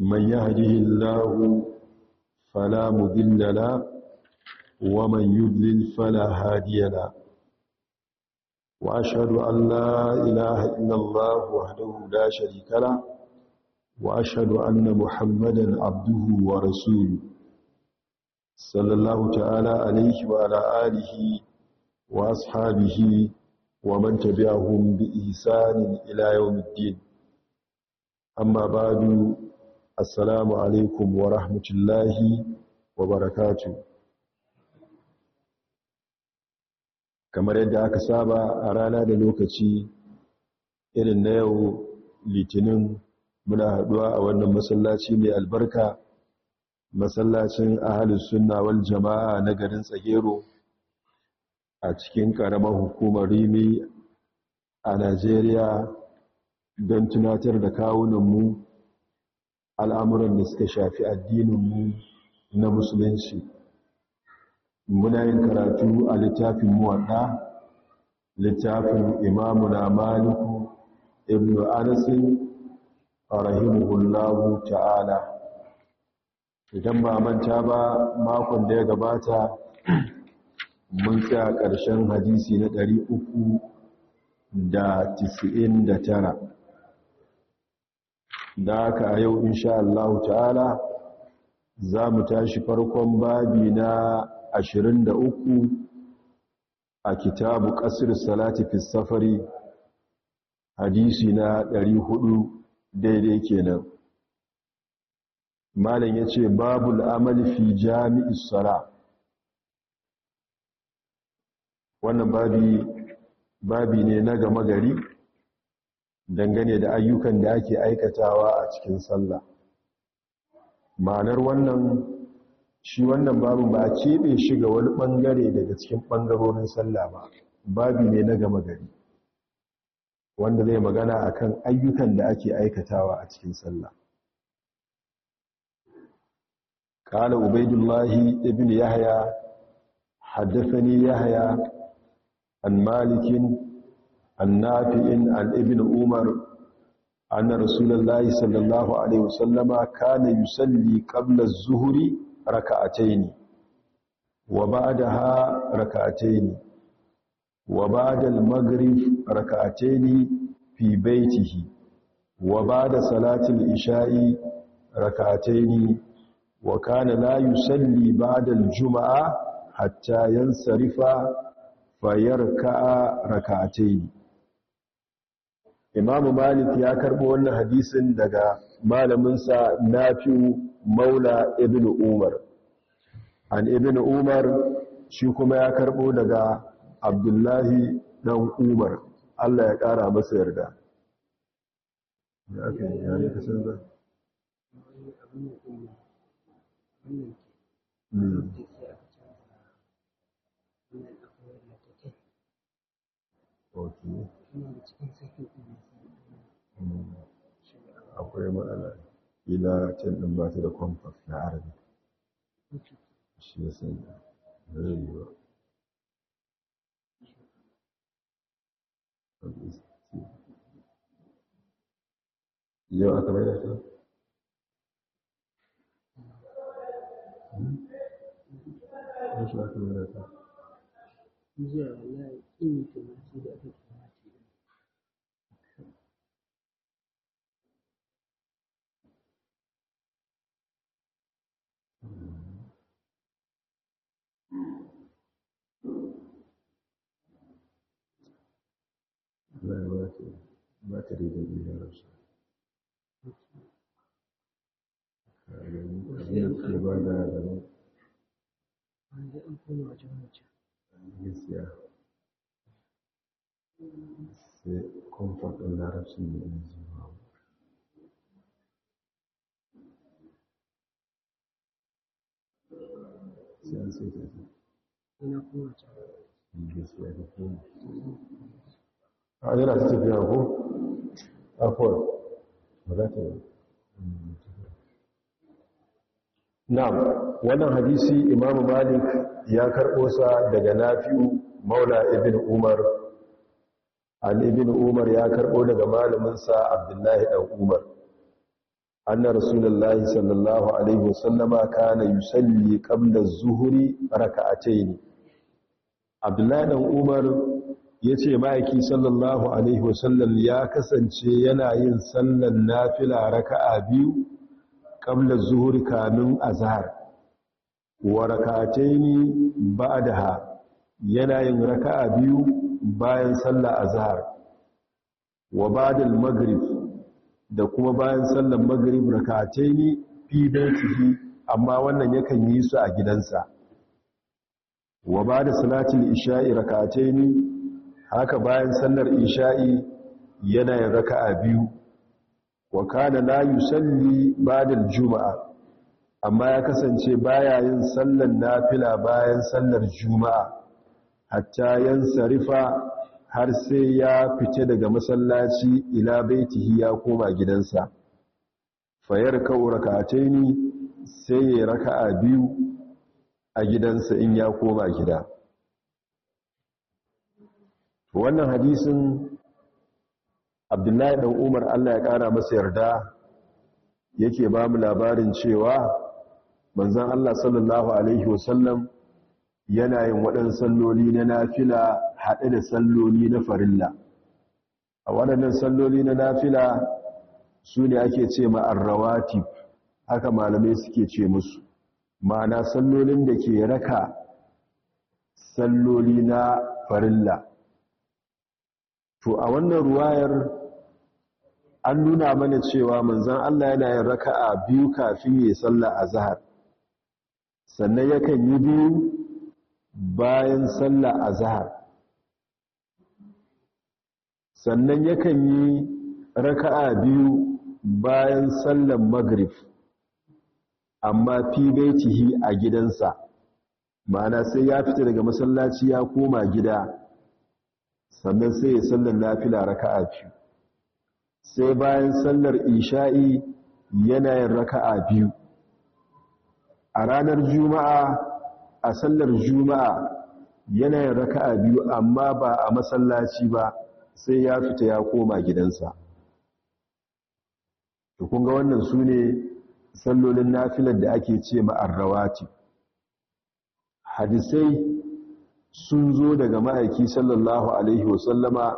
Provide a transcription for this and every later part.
من يهده الله فلا مذل له ومن يدلل فلا هادي له وأشهد أن لا إله إلا الله وحده لا شريك له وأشهد أن محمدا عبده ورسوله صلى الله تعالى عليه وعلى آله وأصحابه ومن تبعهم بإحسان إلى يوم الدين أما بعد assalamu alaikum wa rahmatullahi wa barakatu kamar yadda aka saba a rana da lokaci irin na yau litinin muna haɗuwa a wannan masallaci mai albarka masallacin ahalin sunna wal jama'a na garin tsagero a cikin ƙaramar hukumar rimi a najeriya don tunatar da kawunan mu al'amuran da suka shafi addininmu na musulunci muna yin karatu a littafin muwaɗa littafin imamu na maliku ibn anasin a rahimuhullahu ta'ala idan ba manta ba makon da ya gabata mun tsaya ƙarshen hadisi na ɗari uku da tisi'in da tara. da haka a yau insha Allah ta'ala za mu tashi farkon babi na 23 a kitabu ƙasir salati fi safari hadisi na 400 daidai kenan malam ya ce babu amalfi fi jami'i sara wannan babi ne na gama gari dangane da ayyukan da ake aikatawa a cikin sallah ma'anar wannan shi wannan babu ba a keɓe shi ga wani ɓangare daga cikin ɓangarorin sallah ba babu ne na gama gari wanda zai magana akan ayyukan da ake aikatawa a cikin sallah قال ubaidullahi ibn yahya يحيى yahya yahaya, an annafi'in an ibn umar anna rasulullahi sallallahu alaihi wasallama kana yusalli raka a ta- yi wa ba'daha raka'atayn wa ba'da al-maghrib raka'atayn fi baytihi wa ba'da salati salatin ishai raka'atayn wa kana la yusalli ba'da al juma'a hatta yansarifa fayarka'a raka'atayn imamu malik ya karbo wannan hadisin daga malaminsa nafi'u maula ibn umar an ibn umar shi kuma ya karbo daga abdullahi dan umar allah ya kara masa yarda hmm. Okay. akwai matsala ila can ɗin ba ta da kwamfas na arabi shi ya sanya da zai yi ba yau aka bai da ta yau aka bai da ta Baraki, Bakari da biyarsa. Abin da ke ba da a yana su tafiya ko afuwar ba za ta yi na'am wannan hadisi imam malik ya karɓo sa daga nafi'u maula ibn umar an ibn umar ya karɓo daga malaminsa abdullahi ɗan umar anna rasulullahi sallallahu alaihi wasallama kana yusalli qabla az-zuhri raka'atayn abdullahi Dan umar ya ce ma'aiki sallallahu alaihi wasallam ya kasance yana yin sallan nafila raka'a biyu kamla zuhur kamin azhar wa rakataini ba'daha yana yin raka'a biyu bayan sallar azhar wa ba'dal maghrib da kuma bayan sallar maghrib raka'ataini fi baitihi amma wannan yakan yi su a gidansa wa ba'da salatil isha'i raka'ataini haka bayan sallar isha'i yana yin raka'a biyu wa kana la yusalli ba'da juma'a amma ya kasance baya yin sallar nafila bayan sallar juma'a hatta sarifa har sai ya fice daga masallaci ila baitihi ya koma gidansa fayar kawo raka'ataini sai ya raka'a biyu a gidansa in ya koma gida wannan hadisin abdullahi dan umar allah ya ƙara masa yarda yake ba mu labarin cewa manzan allah sallallahu alaihi wasallam yana yin waɗansu salloli na nafila haɗe da salloli na farilla a waɗannan salloli na nafila su ne ake ce arrawatif, haka malamai suke ce musu ma'ana sallolin da ke raka salloli na farilla to a wannan ruwayar an nuna mana cewa manzon Allah yana yin raka'a biyu kafin ya sallah zahar? sannan yakan yi biyu bayan sallah zahar. sannan yakan yi raka'a biyu bayan sallan magrib amma fi baitihi a gidansa ma'ana sai ya fita daga masallaci ya koma gida sannan sai ya sallar nafila a biyu sai bayan sallar isha'i yana yin a biyu a ranar juma'a a sallar juma'a yana yin a biyu amma ba a masallaci ba sai ya fita ya koma gidansa Da kun wannan su ne sallolin nafilar da ake ce ma'arrawa ce hadisai sun zo daga ma'aiki sallallahu alaihi wasallama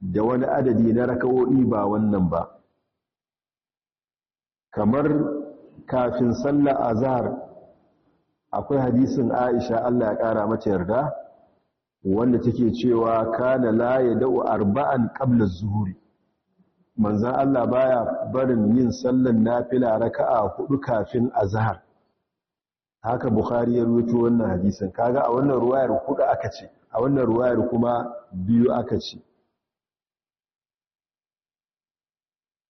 da wani adadi na raka'o'i ba wannan ba kamar kafin sallar azhar akwai hadisin aisha Allah ya kara mata yarda wanda take cewa kana la da'u arba'an qabla zuhuri zuhri manzon Allah baya barin yin sallar nafila raka'a hudu kafin azhar haka bukhari ya ruwaito wannan hadisin kaga a wannan ruwayar kuɗa aka ce a wannan ruwayar kuma biyu aka ce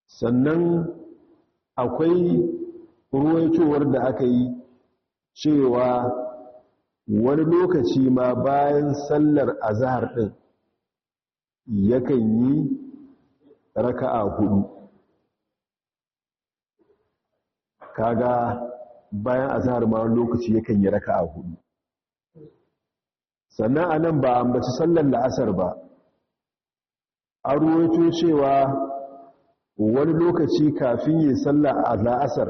sannan akwai ruwaitowar da aka yi cewa wani lokaci ma bayan sallar azahar ɗin yakan yi raka'a hudu kaga bayan azhar ma wani lokaci yakan yi raka'a hudu sannan anan ba ambaci sallar la'asar ba an ruwaito cewa wani lokaci kafin yin sallar la'asar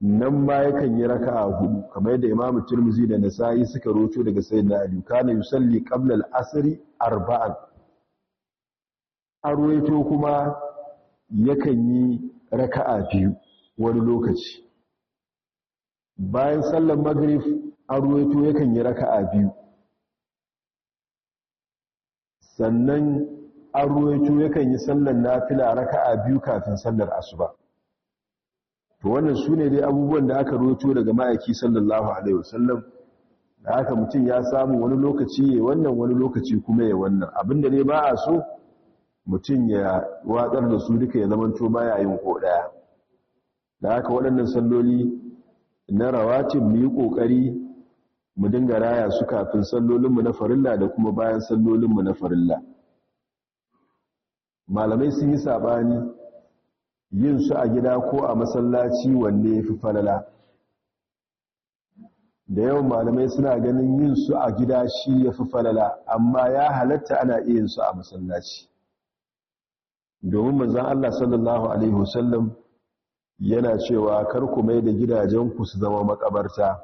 nan ma yakan yi raka'a hudu kamar yadda imamu tirmizi da Nasa'i suka roto daga Sayyidina Ali kana yusalli qabla al-asri arba'an arwaito kuma yakan yi raka'a biyu wani lokaci bayan sallar magrib an ruwaito yakan yi raka'a biyu sannan an ruwaito yakan yi sallar nafila raka'a biyu kafin sallar asuba to wannan su ne dai abubuwan da aka ruwaito daga ma'aiki sallallahu alaihi wasallam da aka mutum ya samu wani lokaci ya wannan wani lokaci kuma ya wannan abinda ne ba a so mutum ya watsar da su duka ya zamanto baya yin ko daya da haka waɗannan salloli na rawacin mu yi ƙoƙari mu dinga raya su kafin sallolin mu na farilla da kuma bayan mu na farilla malamai sun yi saɓani yin su a gida ko a masallaci wanne ya falala da yawan malamai suna ganin yin su a gida shi yafi falala amma ya halatta ana iya su a masallaci domin manzon Allah sallallahu Alaihi wasallam yana cewa kar ku mai da gidajenku su zama makabarta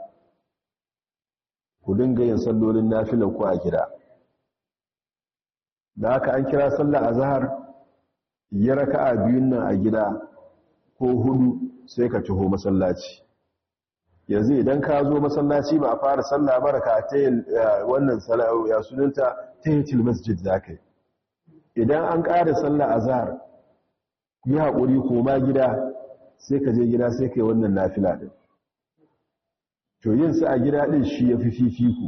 ku dinga yin sallolin nafilan ku a gida da haka an kira sallar azhar ya raka'a biyun nan a gida ko hudu sai ka taho masallaci yanzu idan ka zo masallaci ba a fara sallah ba raka ta eh, wannan ya sunanta tahiyatul masjid zakai idan an ƙara sallah azhar yi haƙuri koma gida sai ka je gida sai ka yi wannan nafila ɗin to yin su a gida ɗin shi ya fi fifiku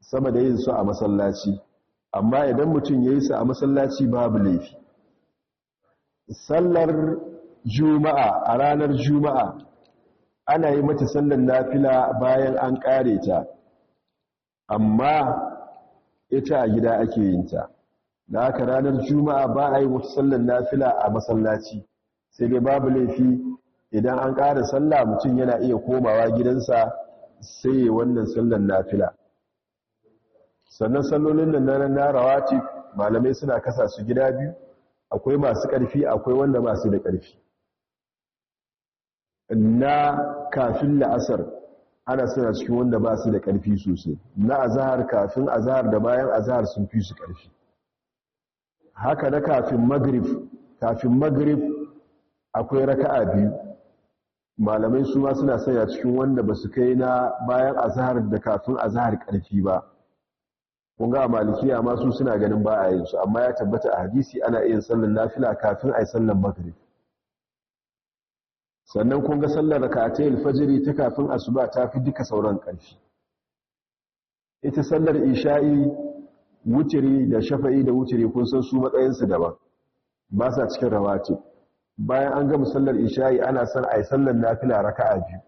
sama da yin su a masallaci amma idan mutum ya yi su a masallaci babu laifi sallar juma'a a ranar juma'a ana yi mata sallar nafila bayan an ƙare ta amma ita a gida ake yin ta da ranar juma'a ba a yi wata sallar nafila a masallaci sai dai babu laifi idan an ƙara sallah mutum yana iya komawa gidansa sai ya wannan sallan nafila sannan sallolin nan na narawa ce malamai suna kasa su gida biyu akwai masu ƙarfi akwai wanda masu da ƙarfi na kafin la'asar ana suna cikin wanda ba su da ƙarfi sosai na azahar kafin azahar da bayan azahar sun fi su ƙarfi haka na kafin magrib kafin magrib akwai raka'a biyu malamai su ma suna sanya cikin wanda ba su kai na bayan azahar da kafin azahar karfi ba kun ga malikiya ma su suna ganin ba a yin su amma ya tabbata a hadisi ana iya sallar nafila kafin a yi sallar maghrib sannan kun ga sallar raka'atai alfajiri ta kafin asuba ta fi duka sauran karfi ita sallar isha'i wutiri da shafa'i da wutiri kun san su matsayinsu daban ba sa cikin rawatib bayan an gama sallar isha'i ana son a yi sallar nafila raka'a biyu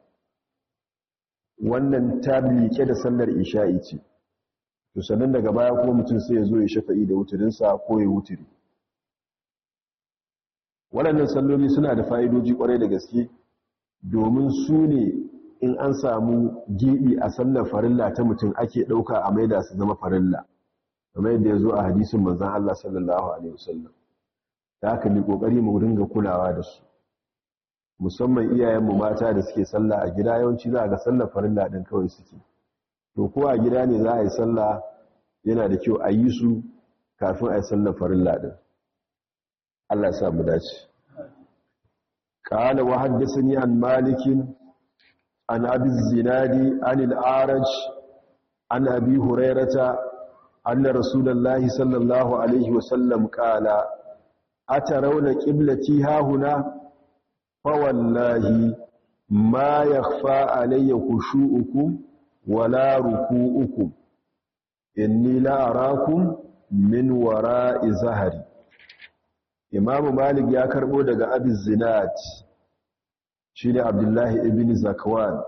wannan ta miƙe da sallar isha'i ce to sannan daga baya kuma mutum sai ya zo ya shafa'i da wuturinsa ko ya wuturi waɗannan salloli suna da fa'idoji ƙwarai da gaske domin su ne in an samu gibi a sallar farilla ta mutum ake ɗauka a maida su zama farilla kamar yadda ya zo a hadisin manzan Allah sallallahu Alaihi wasallam da aka mu kokari mu dinga kulawa da su musamman iyayenmu mata da suke sallah a gida yawanci za ga sallar farilla din kawai suke to ko a gida ne za a yi sallah yana da kyau a yi su kafin a yi sallar farilla din Allah ya sa mu dace قال وحدثني عن مالك عن أبي الزناد عن الأعرج عن أبي هريرة أن رسول الله صلى الله عليه وسلم قال atarauna ƙiblati hahuna fawallahi ma ya fa alayya kushu'uku wala ruku'uku inni la arakum min wara'i zahari imam malik ya karbo daga abiz zinat shine abdullahi ibn zakwan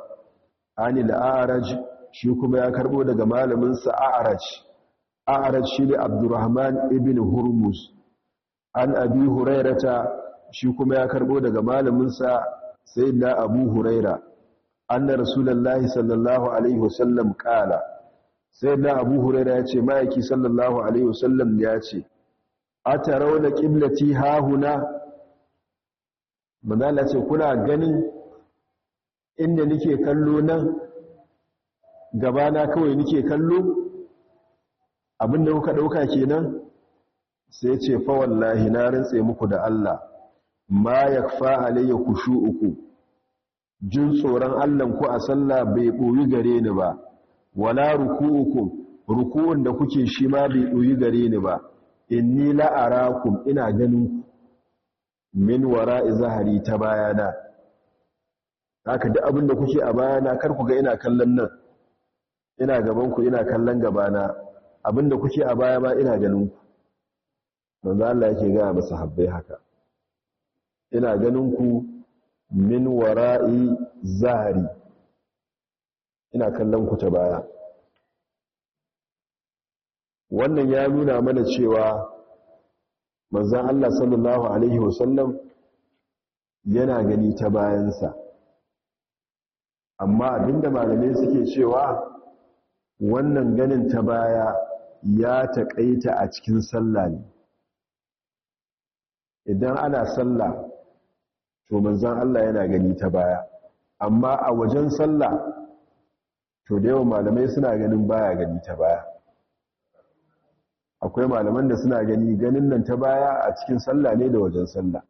ani al-a'raj shi kuma ya karɓo daga malamin sa a'raj a'raj shine abdurrahman ibn Hurmus. an abi hurairata shi kuma ya karbo daga malaminsa sai na abu huraira anna rasulullahi sallallahu alaihi wasallam kala sai na abu huraira ya ce ma'aiki sallallahu alaihi wasallam ya ce a tarawna qiblati hahuna manzala ce kuna ganin inda nike kallo nan gabana kawai nike kallo abinda kuka dauka kenan sai ce fa wallahi na rantse muku da Allah ma yakfa alayya khushu'uku jin tsoron Allah ku a sallah bai boyi gare ni ba wala ruku'ukum ruku'un da kuke shi ma bai boyi gare ni ba inni la'arakum ina ganin ku min wara'i zahari ta bayana haka duk abin da kuke a bayana kar ku ga ina kallon nan ina gaban ku ina kallon gabana abin da kuke a baya ma ina ganin ku manzo Allah yake ga masa sahabbai haka ina ganin ku min wara'i zahari ina kallon ku ta baya wannan ya nuna mana cewa manzan Allah sallallahu Alaihi wasallam yana gani ta bayansa amma abinda malamai suke cewa wannan ganin ta baya ya taƙaita a cikin sallah ne idan ana sallah to manzan Allah yana gani ta baya amma a wajen sallah to da yawan malamai suna ganin baya gani ta baya akwai malaman da suna gani ganin nan ta baya a cikin sallah ne da wajen sallah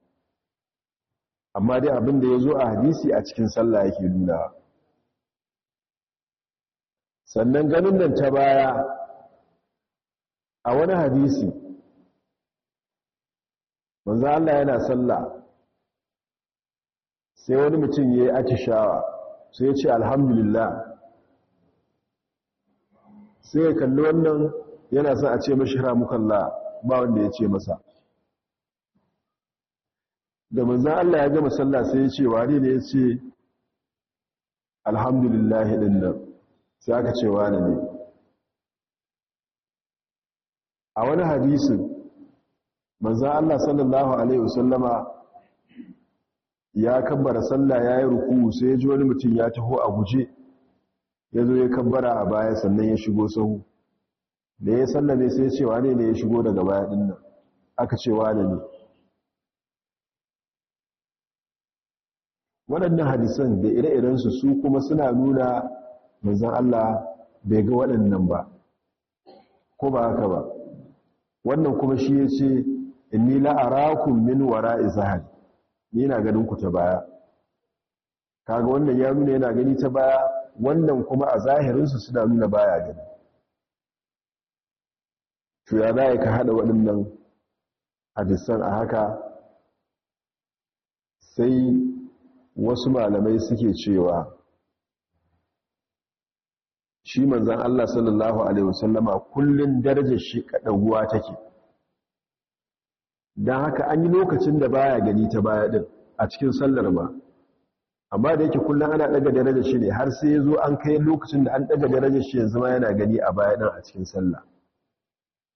amma dai abin da ya zo a hadisi a cikin sallah yake nuna sannan ganin nan ta baya a wani hadisi manzo Allah yana sallah sai wani mutum ya yi ake shawa sai ya ce alhamdulillah sai ya kalli wannan yana sa a ce mashi ramukallah ba wanda ya ce masa da manzan Allah ya gama sallah sai ya ce wani ne ya ce alhamdulillah din nan sai aka ce wani ne a wani hadisin manzan Allah sallallahu Alaihi wasallama ya kabbara sallah ya yi ruku sai ya ji wani mutum ya taho a guje ya zo ya kabbara a baya sannan ya shigo sahu da ya sallame sai cewa ne ne ya shigo daga baya dinnan aka cewa da ne waɗannan hadisan da ire-irensu su kuma suna nuna manzan Allah bai ga waɗannan ba ko ba haka ba wannan kuma shi ya ce inni la'arakum min wara'i zahar ni na ganin ku ta baya kaga wannan ya nuna yana gani ta baya wannan kuma a zahirin su suna nuna baya gani to ya za ka hada waɗannan hadisan a haka sai wasu malamai suke cewa shi manzan Allah sallallahu Alaihi wasallama kullum darajar shi kaɗaguwa take don haka an yi lokacin da baya gani ta baya din a cikin sallar ba amma da yake kullum ana ɗaga darajar shi ne har sai ya zo an kai lokacin da an ɗaga darajar shi yanzu ma yana gani a baya ɗin a cikin sallah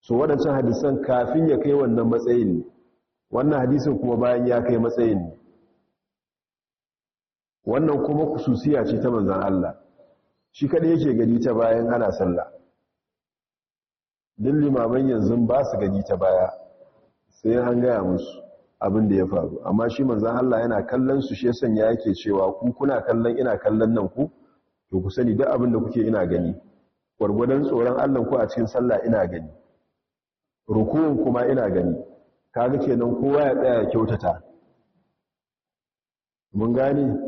so waɗancan hadisan kafin ya kai wannan matsayin ne wannan hadisin kuma bayan ya kai matsayin ne wannan kuma kususiya ce ta Manzon Allah shi kaɗai yake gani ta bayan ana sallah duk limaman yanzu ba su gani ta baya sai an gaya musu abin da ya faru amma shi manzan Allah yana kallon su shi yasan ya yake cewa ku kuna kallon ina kallon nan ku to ku sani duk abin da kuke ina gani gwargwadon tsoron Allah ku a cikin sallah ina gani rukun kuma ina gani kaga kenan kowa ya tsaya kyautata mun gane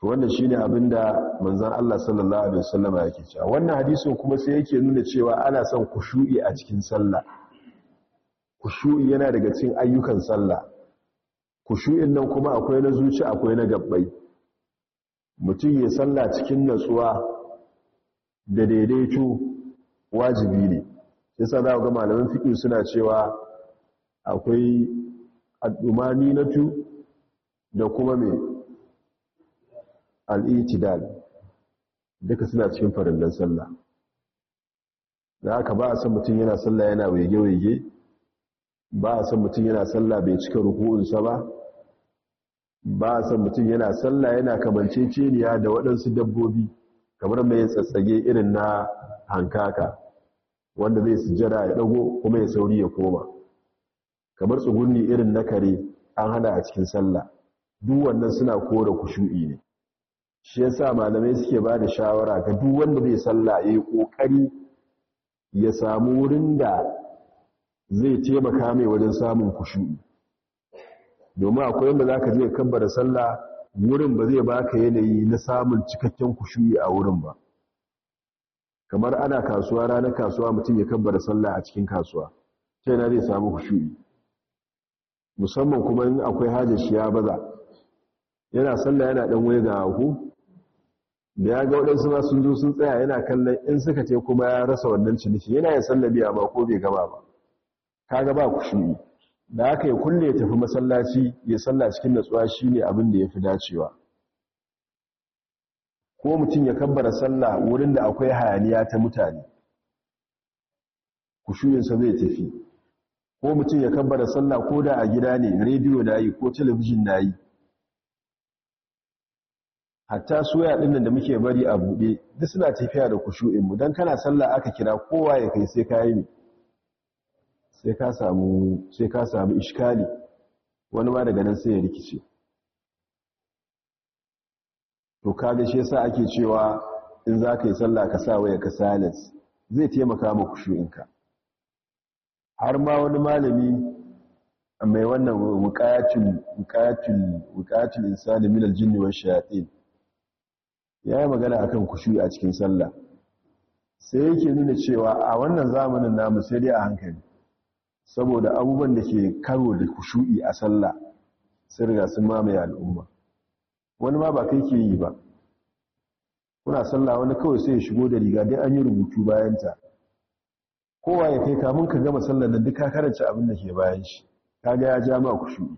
to wannan shine abin da manzan Allah sallallahu alaihi wasallama yake cewa wannan hadisin kuma sai yake nuna cewa ana son kushu'i a cikin sallah kushu'i yana daga cin ayyukan sallah kushu'in nan kuma akwai na zuci akwai na gabbai mutum ya sallah cikin natsuwa da daidaito wajibi ne yasa za ku ga malaman fiƙi suna cewa akwai al'umani na tu da kuma mai al'itidal duka suna cikin farillan sallah da aka ba a san mutum yana sallah yana wege-wege ba a san mutum yana sallah bai cika rukunsa ba ba a san mutum yana sallah yana kamanceceniya da waɗansu dabbobi kamar mai tsatsage irin na hankaka wanda zai sujjara ya dago kuma ya sauri ya koma kamar tsugunni irin na kare an hada a cikin sallah duk wannan suna kore kushu'i ne shi yasa malamai suke ba da shawara ga duk wanda zai sallah yayi kokari ya samu wurin da zai taimaka mai wajen samun kushu'i domin akwai yadda za ka je kabbara sallah wurin ba zai baka yanayi na samun cikakken kushu'i a wurin ba kamar ana kasuwa ranar kasuwa mutum ya kabbara sallah a cikin kasuwa ta na zai samu kushu'i musamman kuma in akwai hajar shi ya baza yana sallah yana dan waye ga hu da ya ga waɗansu ma sun zo sun tsaya yana kallon in suka ce kuma ya rasa wannan ciniki yana yin sallah biya ba ko bai gaba ba kaga ba ku shi da aka yi kulle ya tafi masallaci ya salla cikin natsuwa shine abin da fi dacewa ko mutum ya kabbara sallah wurin da akwai hayaniya ta mutane kushuyinsa zai tafi ko mutum ya kabbara sallah ko da a gida ne rediyo na yi ko talabijin na yi hatta soya ɗin da muke bari a buɗe duk suna tafiya da kushu'inmu don kana sallah aka kira kowa ya kai sai kayi ne sai ka samu sai iskali wani ma daga nan sai ya rikice to kaga shi yasa ake cewa in za ka yi sallah ka sa waya ka silence zai taimaka maka kushuinka har ma wani malami mai wannan wuƙacin wuƙacin wuƙacin insani min aljinni wa shayatin yayi magana akan kushu a cikin sallah sai yake nuna cewa a wannan zamanin namu sai dai a hankali saboda abubuwan da ke karo da kushu'i a sallah sai riga sun mamaye al'umma wani ma ba kai ke yi ba kuna sallah wani kawai sai ya shigo da riga dai an yi rubutu bayanta kowa ya kai kamun ka gama sallar nan duka karanta abin da ke bayan shi kaga ya ja ma kushu'i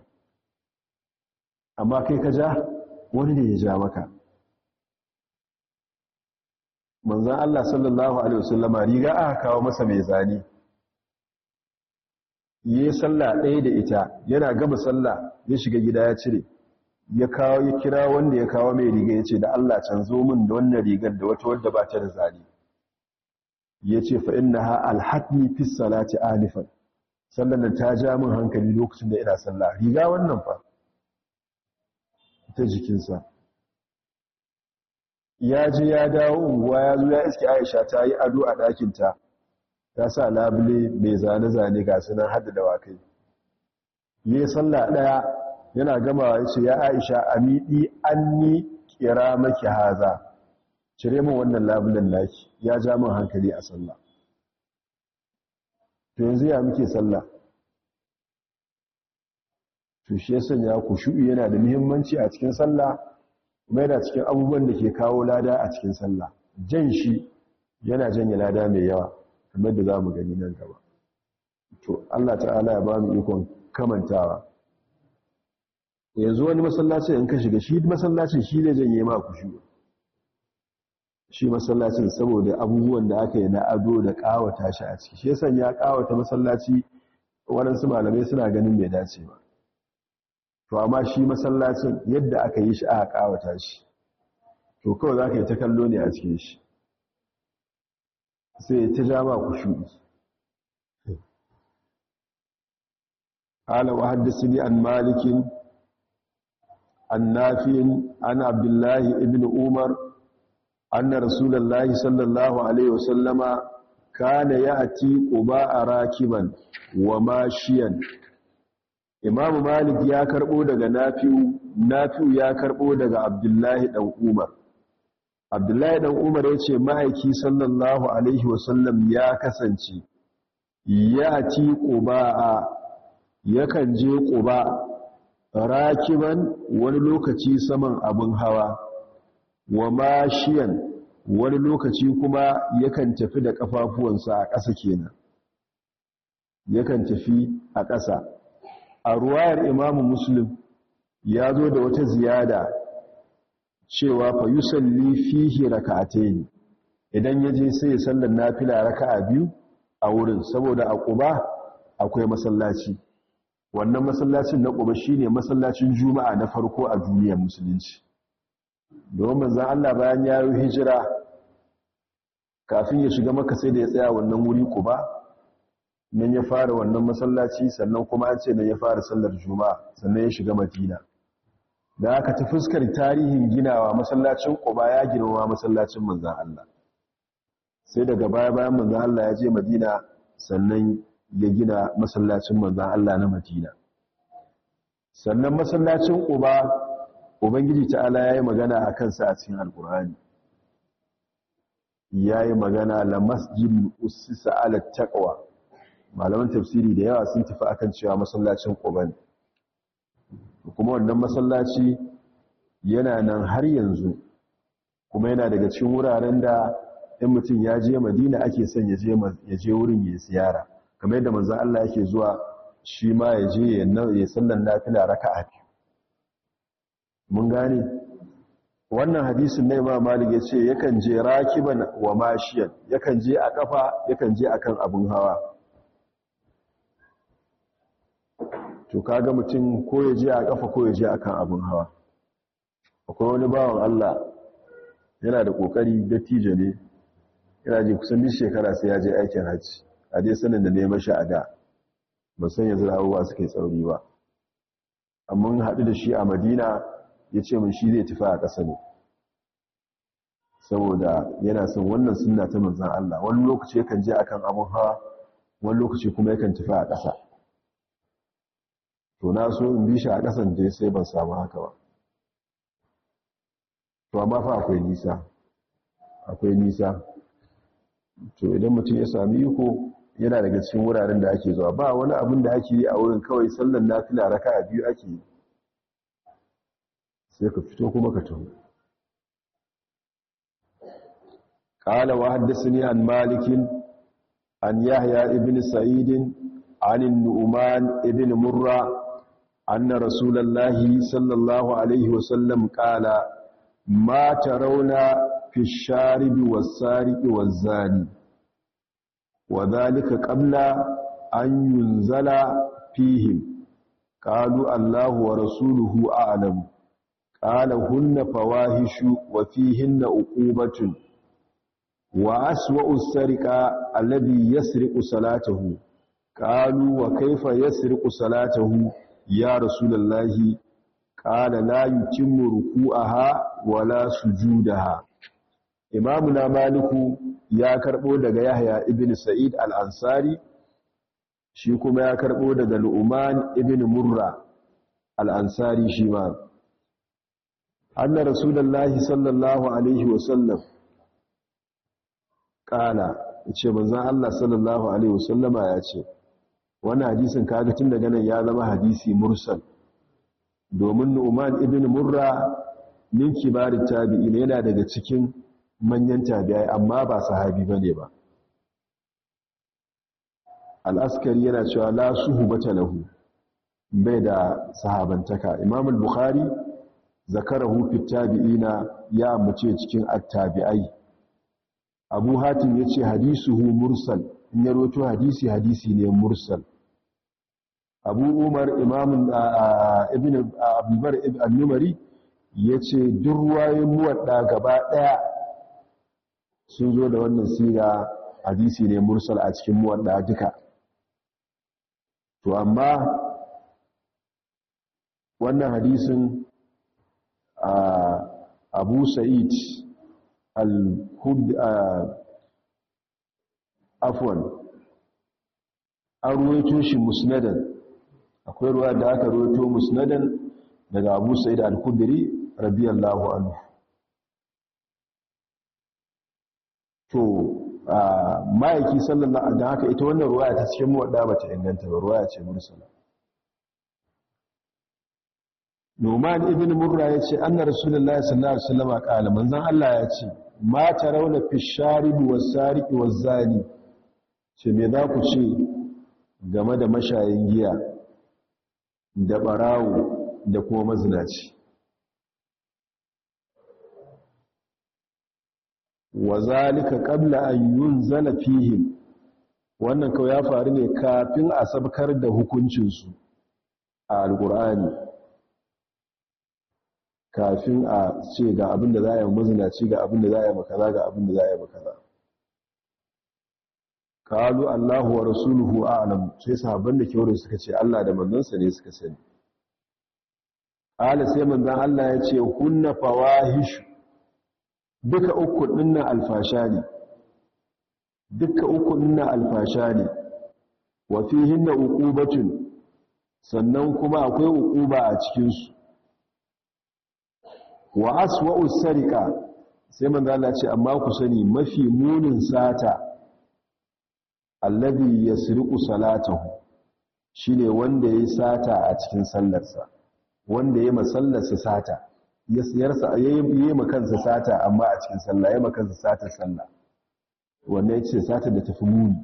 amma kai ka ja wani ne ya ja maka manzan Allah sallallahu alaihi wasallama riga aka kawo masa mai zane yi sallah ɗaya da ita yana gama sallah ya shiga gida ya cire ya kawo ya kira wanda ya kawo mai riga ya ce da Allah canzo min da wannan rigar da wata wadda ba ta da zari ya ce fa inna ha alhaɗi fi salati alifan sallan nan ta ja min hankali lokacin da ina sallah riga wannan fa ta jikinsa ya je ya dawo unguwa ya zo ya iske Aisha ta yi ado a ɗakinta ta sa labule mai zane-zane ga sunan hada da wakai yi sallah ɗaya yana gama ya ce ya aisha amidi ni ƙira maki haza cire min wannan labulen laki ya ja mun hankali a sallah to yanzu ya muke sallah to shi ya ku kushu'i yana da muhimmanci a cikin sallah kuma yana cikin abubuwan da ke kawo lada a cikin sallah jan shi yana janye lada mai yawa kamar da za mu gani nan gaba to Allah ta'ala ya ba mu ikon kamantawa yanzu wani masallacin in ka shiga shi masallacin shi ne janye ma ku shi shi masallacin saboda abubuwan da aka yi na ado da kawata shi a ciki shi ya kawata masallaci waɗansu malamai suna ganin bai dace ba to amma shi masallacin yadda aka yi shi a kawata shi to kawai za ka yi ta kallo ne a cikin shi sai ta ja ba ku shuɗi ala wa haddasa ni an malikin an nafiyin an abdullahi ibn umar anna rasulullahi sallallahu alaihi wasallama kana ya'ti quba rakiban wa mashiyan imam malik ya karbo daga nafi'u nafi'u ya karbo daga abdullahi dan umar abdullahi dan umar ya ce ma'aiki sallallahu alaihi wasallam ya kasance ya ci yakan je ƙuba rakiban wani lokaci saman abin hawa wa mashiyan wani lokaci kuma yakan tafi da ƙafafuwansa a ƙasa kenan yakan tafi a ƙasa a ruwayar imamu muslim ya zo da wata ziyada cewa fa yusalli fihi raka'atayn idan yaje sai ya sallar nafila raka'a biyu a wurin saboda a Quba akwai masallaci wannan masallacin na Quba shine masallacin Juma'a na farko a duniyar musulunci domin manzon Allah bayan ya yi hijira kafin ya shiga Makka sai da ya tsaya wannan wuri Quba nan ya fara wannan masallaci sannan kuma an ce nan ya fara sallar juma'a sannan ya shiga madina da aka ta fuskar tarihin ginawa masallacin ƙuba ya ginawa masallacin manzan Allah sai daga baya bayan manzan Allah ya je madina sannan ya gina masallacin manzan Allah na madina sannan masallacin ƙuba ubangiji ta'ala ya yi magana a kansa a cikin alkur'ani ya yi magana la masjid usisa ala taqwa malaman tafsiri da yawa sun tafi akan cewa masallacin ƙuba ne kuma wannan masallaci yana nan har yanzu kuma yana daga cikin wuraren da in mutum ya je madina ake son ya je wurin ya ziyara kamar yadda manzan Allah yake zuwa shi ma ya je ya sallan nafila raka'a mun gane wannan hadisin na imam malik ce yakan je rakiban wa mashiyan yakan je a kafa yakan je a kan abin hawa to kaga mutum ko ya je a kafa ko ya je akan abin hawa akwai wani bawan Allah yana da kokari dattijo ne yana ji kusan duk shekara sai ya je aikin hajji a dai sanin da neman mashi a da ba san yanzu da abubuwa suke tsauri ba amma haɗu da shi a madina ya ce min shi zai tufa a ƙasa ne saboda yana son wannan sunna ta manzan Allah wani lokaci yakan je akan abin hawa wani lokaci kuma yakan tafi a ƙasa to na so in bi shi a ƙasan je sai ban samu haka ba to amma fa akwai nisa akwai nisa to idan mutum ya sami iko yana daga cikin wuraren da ake zuwa ba wani abin da ake yi a wurin kawai sallan nafila raka a biyu ake yi sai ka fito kuma ka taho قال وحدثني عن مالك عن يحيى ابن سعيد عن النعمان ابن مرة anna rasulallahi sallallahu alaihi wasallam kala ma tarawna fi sharibi was-sariqi waz-zani wa dhalika qabla an yunzala fihim qalu allahu wa rasuluhu a'lam qala hunna fawahishu wa fihinna uqubatun wa aswa'u sariƙa sariqa alladhi yasriqu salatahu qalu wa kayfa yasriqu salatahu ya rasulullahi qala la yutimmu ruku'aha wala sujudaha imamu na maliku ya karbo daga yahya ibn sa'id al-ansari shi kuma ya karbo daga lu'man ibn murra al-ansari shi ma anna rasulullahi sallallahu alaihi wasallam qala yace manzon Allah sallallahu alaihi wasallama ya ce Wani hadisin kaga tun daga nan ya zama hadisi mursal domin Nu'man ibn Murra min tabi'i tabi'in yana daga cikin manyan tabi'ai amma ba sahabi bane ba al-askari yana cewa la suhbata lahu bai da sahabantaka Imam al-Bukhari zakarahu fi tabi'ina ya amince cikin at-tabi'ai Abu Hatim yace hadisuhu mursal in ya rawaito hadisi hadisi ne mursal abu umar imamun uh, uh, ibn uh, abubar al ya ce duk muwadda gaba ɗaya sun zo da wannan sira hadisi ne mursal a cikin muwadda duka to amma wannan hadisin abu sa'id al-hud afwan an ruwaito shi musnadan akwai ruwa da aka ruwato musnadan daga abu sai da al-kudiri radiyallahu anhu to ma'aiki sallallahu alaihi haka ita wannan ruwa ta cikin ba ta inganta ba ruwa ce mursala Numan ibn Murra ya ce annar Rasulullahi sallallahu alaihi wasallam qala manzon Allah ya ce ma tarawna fi sharibi was Sariki was zani ce me za ku ce game da mashayin giya da barawo da kuma mazinaci wa zalika qabla an yunzala fihim wannan kawai ya faru ne kafin a sabkar da hukuncinsu a alqur'ani kafin a ce ga abin da za a yi mazinaci ga abin da za a yi makaza ga abin da za a yi makaza kalu Allahu wa rasuluhu a'lam sai sahabban da ke wurin suka ce Allah da manzansa ne suka sani ala sai manzon Allah ya ce kunna fawahish duka uku dinnan alfasha ne duka uku dinnan alfasha ne wa uqubatun sannan kuma akwai uquba a cikin su wa aswa'u sariqa sai manzon Allah ya ce amma ku sani mafi munin sata alladhi yasriqu salatahu shine wanda yayi sata a cikin sallarsa wanda yayi masallarsa sata yasiyarsa yayi makansa sata amma a cikin sallah yayi makansa sata sallah wanda yace sata da tafi muni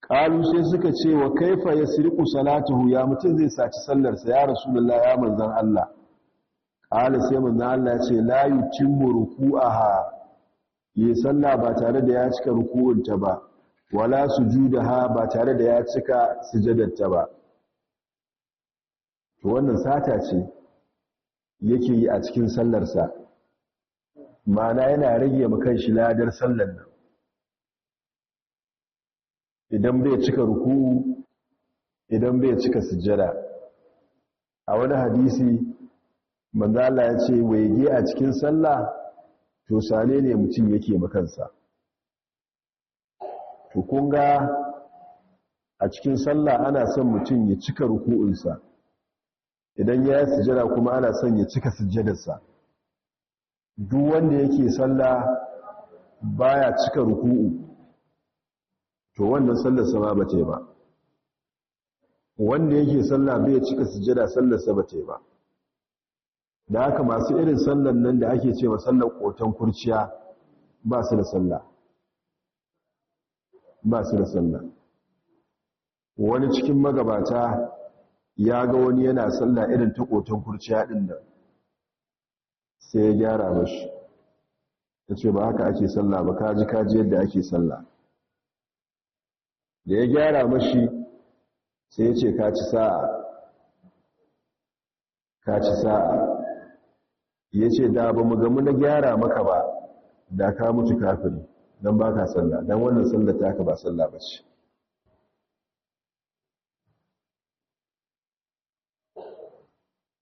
qalu sai suka ce wa kaifa yasriqu salatahu ya mutun zai saci sallarsa ya rasulullahi ya manzan Allah qala sai manzan Allah yace la yutimmu ruku'aha yayi sallah ba tare da ya cika ruku'unta ba wala ha ba tare da ya cika sujadarta ba to wannan sata ce yake yi a cikin sallarsa ma'ana yana rage ma kanshi ladar sallar nan idan bai cika ruku'u idan bai cika sujjada a wani hadisi manzala ya ce waige a cikin sallah to sale ne mutum yake makansa to kun a cikin sallah ana son mutum ya cika ruku'unsa idan ya yi sujada kuma ana son ya cika sujadarsa duk wanda yake sallah baya cika ruku'u to wannan sallar sa ba ce ba wanda yake sallah bai cika sujada sallar sa ba ba da haka masu irin sallar nan da ake cewa sallar kotan kurciya ba su da sallah ba su da sallah wani cikin magabata ya ga wani yana sallah irin ta koton kurciya din nan sai ya gyara mashi ta ce ba haka ake sallah ba kaji kaji yadda ake sallah da ya gyara mashi sai ya ce kaci sa'a kaci sa'a ya ce da ba mu gamu na gyara maka ba da ka mutu kafin don ba ka sallah don wannan sallah ta ka ba sallah ba ce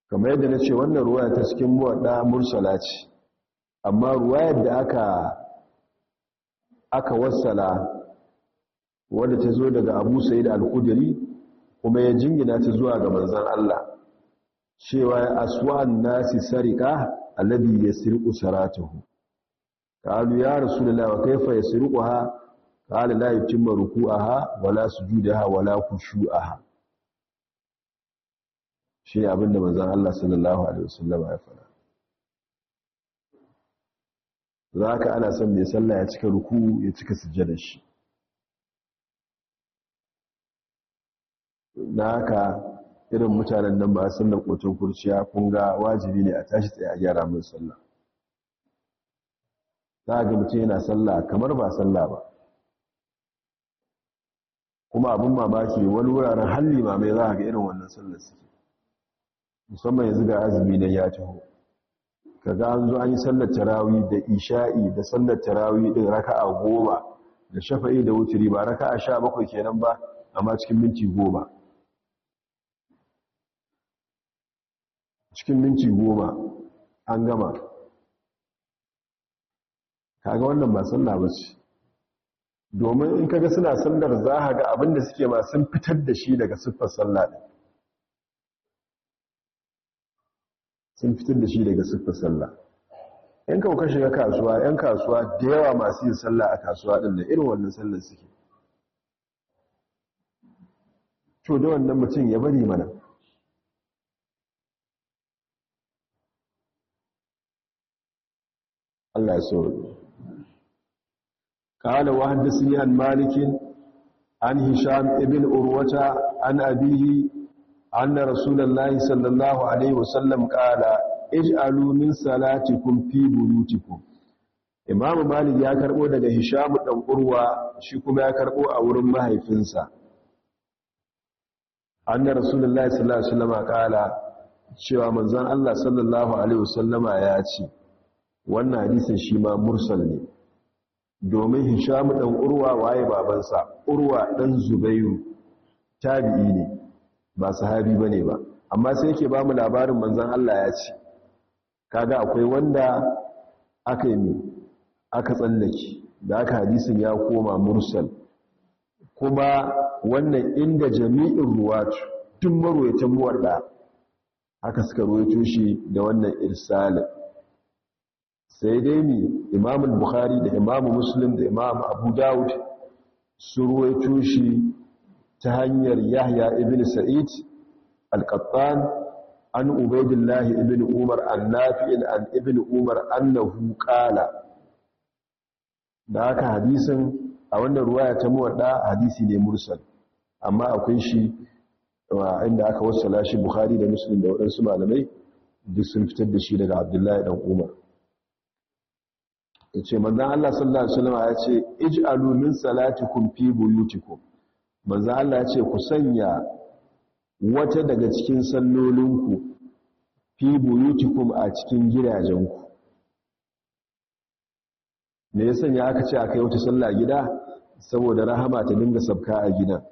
kamar yadda na ce wannan ruwaya ta cikin muwaɗa mursala ce amma ruwayar da aka aka wassala wadda ta zo daga abu sai da alkudiri kuma ya jingina ta zuwa ga Manzon Allah cewa aswan nasi sarika alladhi yasriqu saratuhu قالوا يا رسول الله وكيف يسرقها قال لا يتم ركوعها ولا سجودها ولا خشوعها shi abinda manzon Allah sallallahu alaihi wasallam ya fara zaka ana son mai sallah ya cika ruku ya cika da shi Na haka irin mutanen nan ba san da kotun kurciya kun ga wajibi ne a tashi tsaye a gyara mun sallah za ga mutum yana sallah kamar ba sallah ba kuma abin mamaki wani wuraren halli ma mai za ga irin wannan sallar suke musamman yanzu ga azumi na ya taho kaga an zo an yi sallar tarawi da isha'i da sallar tarawi din raka'a goma da shafa'i da wuturi ba raka'a sha bakwai kenan ba amma cikin minti goma cikin minti goma an gama kaga wannan ba sunna ba ce domin in kaga suna sallar za a ga abin da suke ma sun fitar da shi daga siffar sallah sun fitar da shi daga siffar sallah yan kawo ka shiga kasuwa yan kasuwa da yawa masu yin sallah a kasuwa ɗin da irin wannan sallar suke to da wannan mutum ya bari mana Allah ya so قال وحدثني عن مالك عن هشام ابن أروة عن أبيه أن رسول الله صلى الله عليه وسلم قال اجعلوا من صلاتكم في بيوتكم Imam Malik ya karbo daga Hisham dan Urwa shi kuma ya karbo a wurin mahaifinsa Anna Rasulullahi sallallahu alaihi wasallam kala cewa manzon Allah sallallahu alaihi wasallama ya ce wannan hadisin shi ma mursal ne domin hishamu ɗan urwa waye babansa urwa ɗan zubairu tabi'i ne ba sahabi bane ba amma sai yake ba mu labarin manzon Allah ya ce kaga akwai wanda aka yi aka tsallake da aka hadisin ya koma mursal kuma wannan inda jami'in ruwa tun marwayatan da aka suka ruwa shi da wannan irsalin sai dai ne imamul bukhari da imamun muslim da imamun abu dawud su ruwaito shi ta hanyar yahya ibn sa'id al an an lahi ibn umar an nafi'in an ibn umar annahu qala da aka hadisin a wannan ruwaya ta muwadda hadisi ne mursal amma akwai shi inda aka wasu shi bukhari da muslim da waɗansu malamai duk sun fitar da shi daga abdullahi ɗan umar ya ce manzan Allah sallallahu Alaihi wasallam ya ce ij'alu min salatikum fi buyutikum manzan Allah ya ce ku sanya wata daga cikin sallolinku fi buyutikum a cikin gidajenku me ya sanya aka ce aka yi wata sallah gida saboda rahama ta dinga sabka a gidan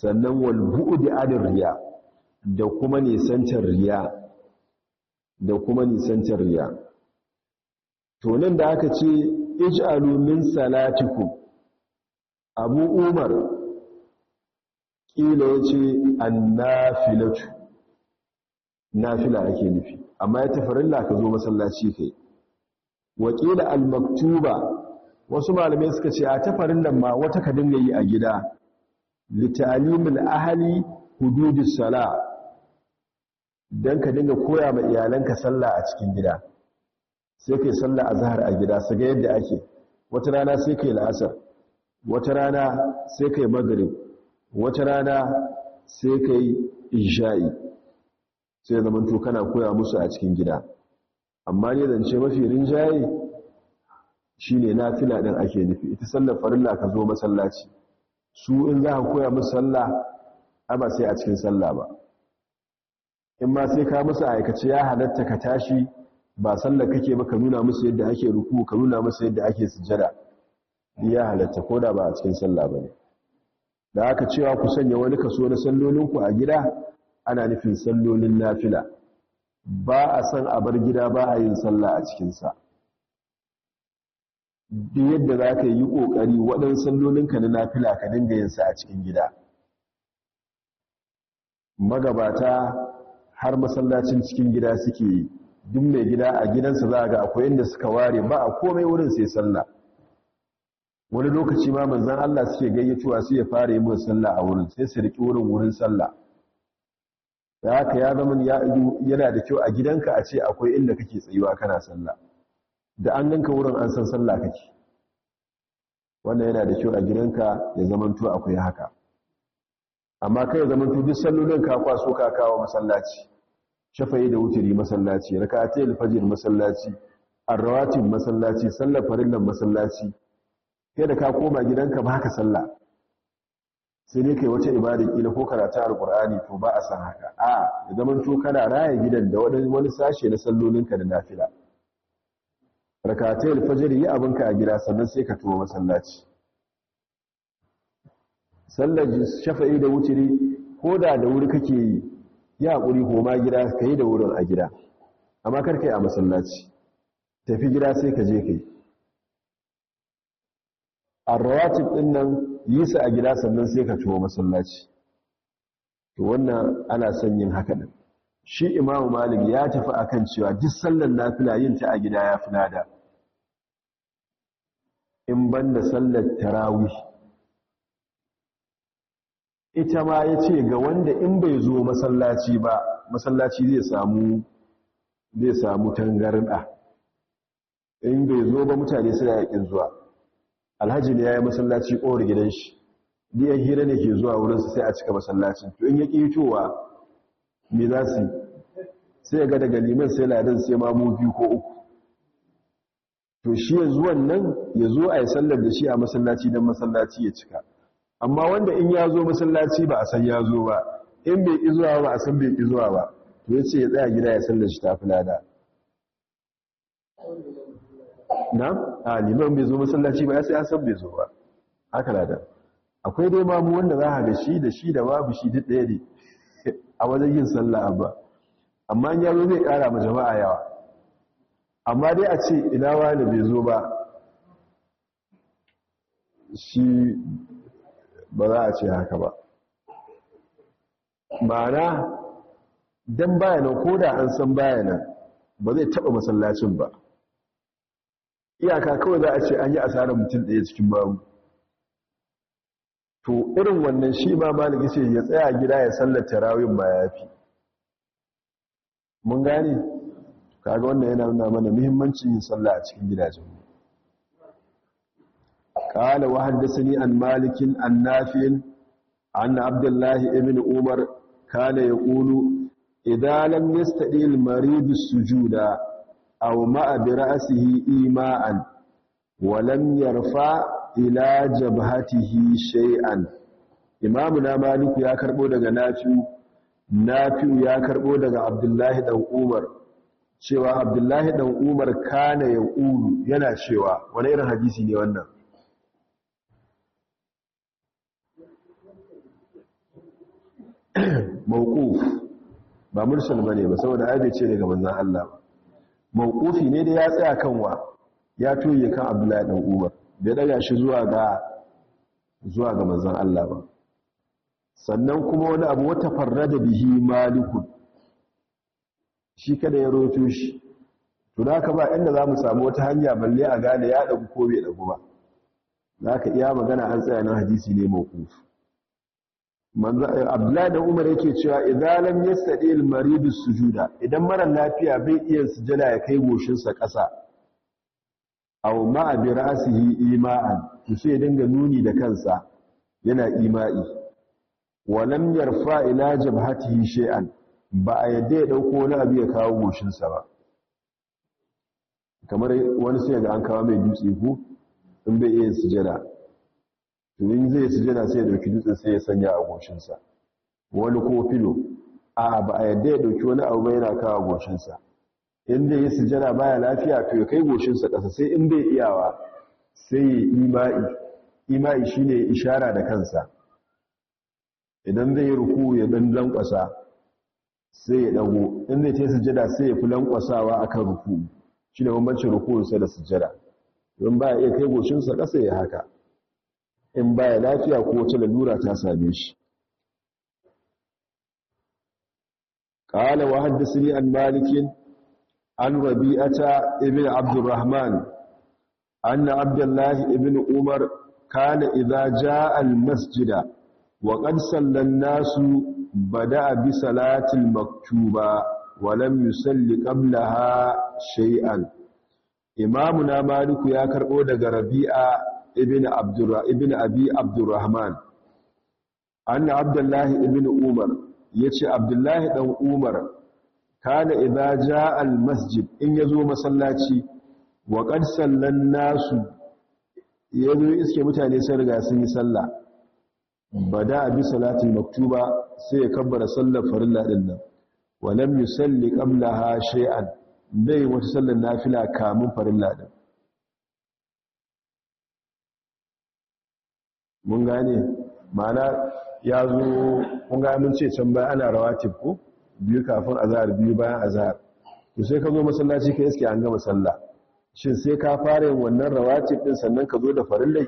sannan wal bu'di adin riya da kuma nisantar riya da kuma nisantar riya to nan da aka ce ij'alu min salatikum abu umar kila yace annafilatu nafila ake nufi amma ya tafarilla ka zo masallaci kai wa kila almaktuba wasu malamai suka ce a tafarillan ma wata ka dinga yi a gida li ta'limil ahli hududus sala dan ka dinga koya ma iyalanka sallah a cikin gida sai kai yi zahar a gida su ga yadda ake wata rana sai kai la'asar wata rana sai kai maghrib wata rana sai kai isha'i sai zama to kana koya musu a cikin gida amma ne zance mafi rinjaye shine nafila ɗin ake nufi ita sallar farilla ka zo masallaci su in za ka koya musu sallah ba sai a cikin sallah ba in ma sai ka musu aikace ya halatta ka tashi ba sallar kake ba ka nuna musu yadda ake ruku ka nuna musu yadda ake sujjada ya halatta ko da ba a cikin sallah ba ne da aka cewa ku sanya wani kaso na sallolinku a gida ana nufin sallolin nafila ba a san a bar gida ba a yin sallah a cikinsa duk yadda za ka yi ƙoƙari sallolin sallolinka na nafila ka dinga sa a cikin gida magabata har masallacin cikin gida suke yi duk mai gida a gidansa za a ga akwai yadda suka ware ba a komai wurin sai sallah wani lokaci ma manzan Allah suke gayyatuwa su ya fara yi mun sallah a wurin sai su riƙi wurin wurin sallah da haka ya zama yana da kyau a gidanka a ce akwai inda kake tsayuwa kana sallah da an ganka wurin an san sallah kake wannan yana da kyau a gidanka ya to akwai haka amma kai ya to duk sallolin ka kwaso ka kawo masallaci shafa'i da wuturi masallaci rakatai alfajir masallaci arrawatin masallaci sallar farillan masallaci kai da ka koma gidanka ba haka salla sai dai kai wata ibada kila ko karatu alqur'ani to ba a san haka a ya zaman to kana raye gidan da wani sashe na sallolinka da nafila rakatai alfajir yi abinka a gida sannan sai ka tuwo masallaci sallar shafa'i da wuturi koda da da wuri kake yi ya ko koma gida ka yi da wurin a gida amma kar yi a masallaci tafi gida sai ka je ka yi a rawacin ɗin nan yi su a gida sannan sai ka tuwo masallaci to wannan ana son yin haka nan shi imamu malik ya tafi akan cewa duk sallar fila yin ta a gida ya fi nada in banda sallar tarawih ita ma ya ce ga wanda in bai zo masallaci ba masallaci zai samu zai samu in bai zo ba mutane suna yakin zuwa alhaji ne ya yi masallaci ƙowar gidan shi a hira ne ke zuwa wurinsa sai a cika masallacin to in ya ƙi fitowa me za su sai ga daga liman sai ladan sai mamu biyu ko uku to shi ya zuwan nan ya zo a yi sallar da shi a masallaci don masallaci ya cika amma wanda in ya zo masallaci ba a san ya zo ba in bai ki zuwa ba a san bai ki zuwa ba to ya ce ya tsaya gida ya sallar shi tafi lada na a liman bai zo masallaci ba ya sai ya san bai zo ba haka lada akwai dai mamu wanda za a ga shi da shi da babu shi duk ɗaya ne a wajen yin sallah amma amma ya zo zai ƙara ma jama'a yawa amma dai a ce ina wani bai zo ba shi ba za a ce haka ba mana don bayanan ko da an san bayanan ba zai taɓa masallacin ba iyaka kawai za a ce an yi asarar mutum ɗaya cikin babu to irin wannan shi ma maliki ce ya tsaya gida ya sallar tarawin ba ya fi mun gane kaga wannan yana nuna mana muhimmancin yin sallah a cikin gidajenmu قال وحدثني عن مالك عن نافع عن عبد الله ابن عمر كان يقول إذا لم يستطيع المريض السجود أو ماء برأسه إيماء ولم يرفع إلى جبهته شيئا إمامنا مالك يا كربو دغ نافع نافع يا كربو دغ عبد الله بن عمر cewa Abdullahi dan Umar kana ya uru yana cewa wani irin hadisi ne wannan mawquf ba mursal bane ba saboda ai ce daga manzon Allah ba ne da ya tsaya kanwa ya toye kan Abdullahi dan Umar bai daga shi zuwa ga zuwa ga manzon Allah ba sannan kuma wani abu wata farrada bihi malikun shi kada ya roto shi to da ka ba inda zamu samu wata hanya balle a gane ya ɗagu ko bai ɗagu ba zaka iya magana an tsaya na hadisi ne mawkufi abdullahi da umar yake cewa idan lam yastadi al marid sujuda idan mara lafiya bai iya sujada ya kai goshinsa sa ƙasa aw ma bi ra'sihi ima'an to sai dinga nuni da kansa yana ima'i wa lam yarfa ila jabhatihi shay'an ba a yadda ya ɗauko wani abu ya kawo goshin ba kamar wani sai ga an kawo mai dutse ko in bai iya sujada Idan zai sujada sai ya dauki dutsen sai ya sanya a goshinsa wani ko filo a ba a yadda ya dauki wani abu yana kawo goshinsa in ya ya sujada baya lafiya to ya kai goshinsa ƙasa sai in bai iyawa sai ya ima'i ima'i ne ishara da kansa idan zai ruku ya dan lankwasa sai ya dago in zai ce sujada sai ya fi lankwasawa akan ruku ne bambancin ruku sai da sujada don ba ya iya kai goshinsa ƙasa ya haka in baya lafiya ko wata lalura ta same shi قال وحدثني عن مالك عن ربيعة ابن عبد الرحمن أن عبد الله ابن عمر كان إذا جاء المسجد وقد صلى الناس بدأ بصلاة المكتوبة ولم يصلي قبلها شيئا إمامنا مالك يا كرؤون ربيعة ibn abi abdurrahman anna abdullahi ibn umar yace abdullahi dan umar kana idza jaa al masjid in yazo masallaci wa qad sallan nasu yazo iske mutane sai riga sun yi sallah bada bi salati maktuba sai ya kabbara sallar farilla din nan wa lam yusalli qablaha shay'an bai wata sallar nafila kamun farilla din mun gane mana ya zo mun gane mun ce can baya ana rawatib ko biyu kafin azhar biyu bayan azhar to sai ka zo masallaci ka iske an gama sallah shin sai ka fara yin wannan rawatib din sannan ka zo da farillai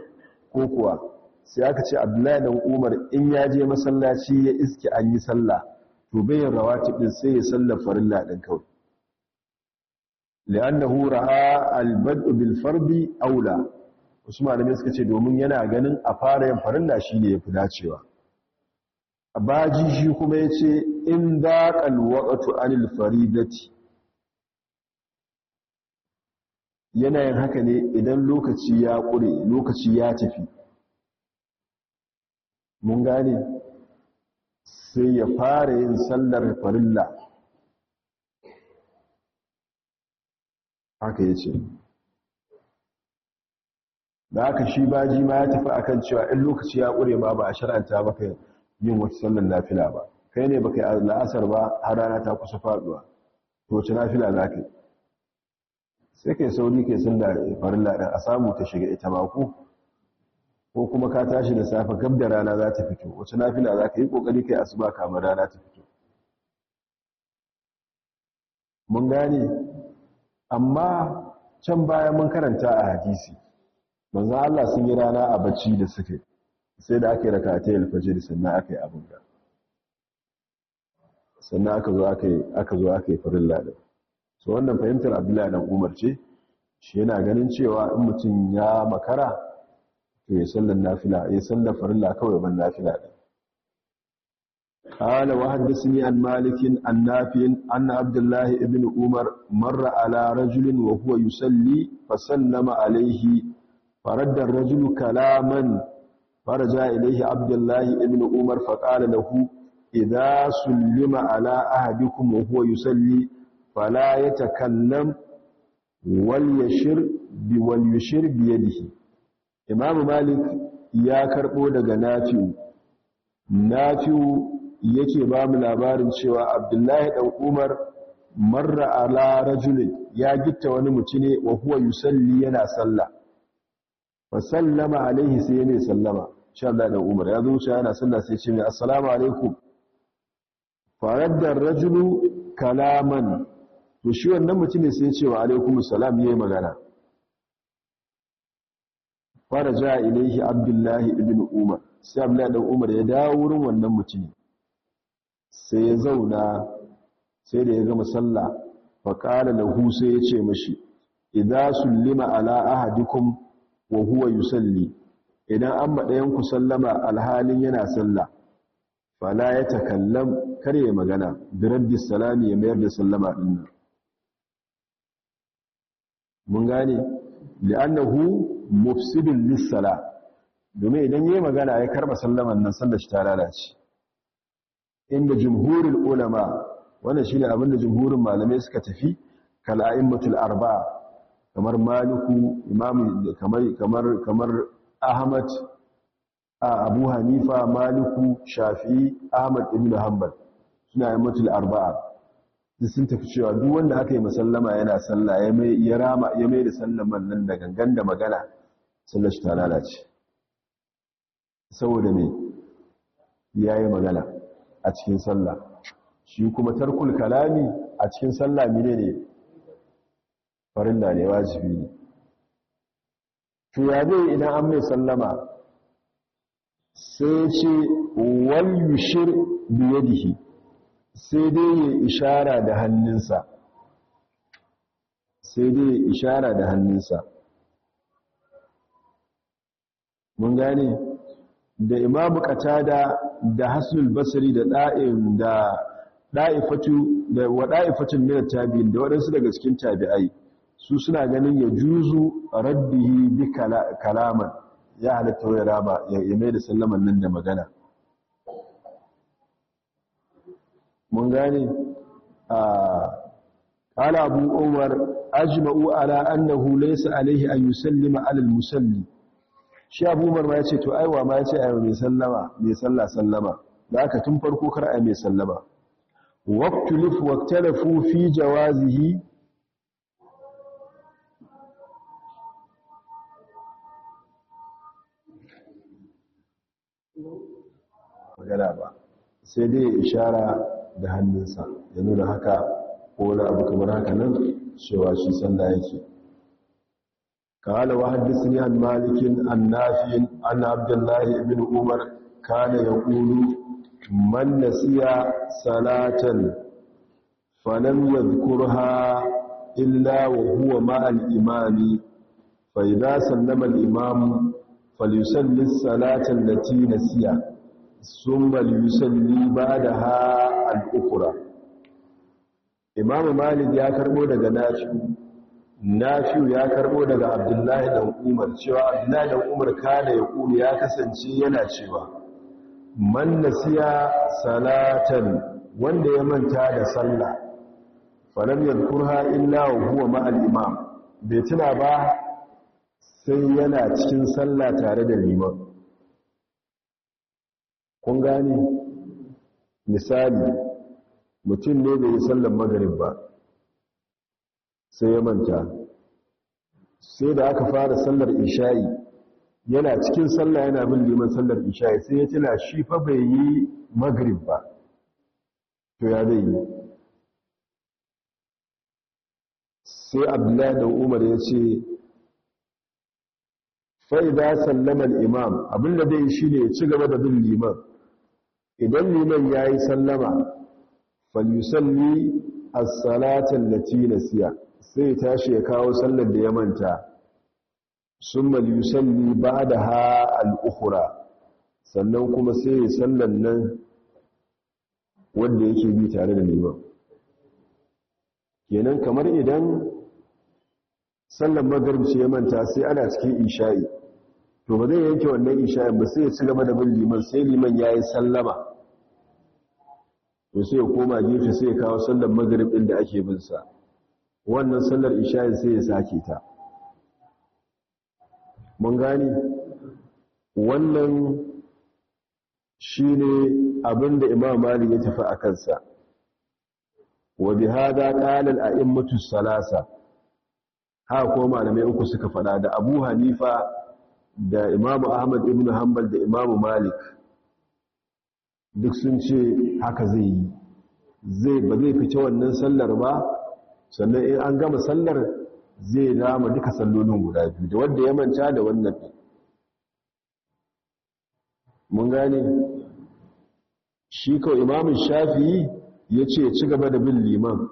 ko kuwa sai aka ce abdullahi dan umar in ya je masallaci ya iske an yi sallah to yin rawatib din sai ya sallar farilla din kawai li'annahu ra'a al-bad'u bil fardi aula wasu malamai suka ce domin yana ganin a fara yin farilla shi ne ya fi dacewa baji shi kuma ya ce in daƙal waƙatu anil faridati yanayin haka ne idan lokaci ya ƙure lokaci ya tafi mun gane sai ya fara yin sallar farilla haka ya ce da aka shi baji ma ya tafi akan cewa in lokaci ya ƙure ma ba a shar'anta maka yin wata sallar nafila ba kai ne baka yi la'asar ba har rana ta kusa faɗuwa, to wace nafila za ka sai kai sauri kai sun da farin ɗin a samu ta shiga ita ba ku ko kuma ka tashi da safe gab da rana za ta fito wace nafila za ka yi ƙoƙari kai asuba kamar rana ta fito mun gane amma can baya mun karanta a hadisi manzo Allah sun yi rana a bacci da suke sai da ake yi alfajir sannan aka yi abin da sannan aka zo aka yi farin ladar so wannan fahimtar Abdullahi dan Umar ce shi yana ganin cewa in mutum ya makara to ya sallan nafila ya sallan la kawai ban nafila din قال وحدثني عن مالك عن نافع أن عبد الله بن عمر مر على رجل وهو يصلي فسلم عليه faradda rajulu kalaman faraja ilaihi abdullahi ibn umar faqala lahu idza sullima ala ahadikum wa huwa yusalli fala yatakallam wal yashir bi wal yashir bi imam malik ya karɓo daga nafi'u nafi'u yake ba mu labarin cewa abdullahi dan umar marra ala rajulin ya gita wani mutune wa huwa yusalli yana sallah fasallama sallama alaihi sai ya mai sallama sha Allah da Umar ya zo shi yana sallah sai ya ce mai assalamu alaikum fa radda rajulu kalaman to shi wannan ne sai ya ce wa alaikum salam yayi magana fara ja ilaihi abdullahi ibn umar sai abdullahi dan umar ya dawo wurin wannan mutum sai ya zauna sai da ya gama sallah fa qala lahu sai ya ce mashi idza sullima ala ahadikum wa huwa yusalli idan an ɗayan ku sallama alhalin yana sallah fala ya takallam kar ya magana biraddi salami ya mayar da sallama din mun gane li'annahu mufsidun lissala, domin idan yayi magana ya karba sallaman nan sallar shi ta lalace inda jumhurul ulama wannan shine abinda jumhurin malamai suka tafi kal a'immatul arba'a kamar maliku imamu kamar kamar kamar ahmad abu hanifa maliku shafi ahmad ibnu hanbal suna yi arba'a sun tafi cewa duk wanda aka yi musallama yana sallah ya mai mai da sallaman nan da gangan da magana sallar shi ta lalace saboda me yayi magana a cikin sallah shi kuma tarkul kalami a cikin sallah mine ne farilla ne wajibi ne to idan an mai sallama sai ce wal yushir bi yadihi sai dai ya ishara da hannunsa sai dai ya ishara da hannunsa mun gane da imamu katada da hasul basri da da'im da da'ifatu da wa ɗa'ifatun min tabi'in da waɗansu daga cikin tabi'ai su suna ganin ya juzu raddihi bi kalaman ya halatta wai raba ya mai da sallaman nan da magana mun gane a ala abu umar ajma'u ala annahu laysa alayhi an yusallima ala musalli shi abu umar ma yace to aiwa ma yace aiwa mai sallama mai salla sallama da haka tun farko kar a mai sallama waqtu lif waqtalafu fi jawazihi magana ba sai dai ya ishara da hannunsa ya nuna haka ko wani abu kamar haka nan cewa shi sallah yake قال وحدثني عن مالك عن نافع عن عبد الله بن عمر كان يقول من نسي صلاه فلم يذكرها إلا وهو مع الإمام فإذا سلم الإمام فليسل الصلاة التي نسيها sun yusalli ba da ha al'ukura imamu malik ya karbo daga nafi'u nafi'u ya karbo daga abdullahi da umar cewa abdullahi da umar kada ya kuli ya kasance yana cewa man nasiya salatan wanda ya manta da sallah falam yadkurha illa huwa ma'al imam bai tuna ba sai yana cikin sallah tare da liman kun gane misali mutum ne bai yi sallar ba sai ya manta sai da aka fara sallar isha'i yana cikin sallah yana bin liman sallar isha'i sai ya tuna shi fa bai yi magrib ba to ya zai yi sai abdullahi da umar ya ce fa'ida sallama imam abinda zai yi shi ne ya ci gaba da bin liman idan liman ya yi sallama falyusalli as-salatan lati nasiya sai tashi ya kawo sallar da ya manta summa yusalli ba'daha al-ukhra sannan kuma sai ya sallan nan wanda yake bi tare da liman kenan kamar idan sallar magharib ya manta sai ana cikin isha'i to ba zai yanke wannan isha'in ba sai ya ci gaba da bin liman sai liman yayi sallama to sai ya koma gefe sai ya kawo sallar maghrib inda da ake bin sa wannan sallar isha'i sai ya sake ta mun gani wannan shine abinda imam malik ya tafi a kansa wa bihada a in aimmatu salasa ha kuma malamai uku suka fada da Abu Hanifa da Imam Ahmad ibn Hanbal da Imam Malik duk sun ce haka zai yi zai ba zai fice wannan sallar ba sannan in an gama sallar zai dama duka sallolin guda biyu da wanda ya manta da wannan mun gane shi kawai imamun shafi'i ya ce ci gaba da bin liman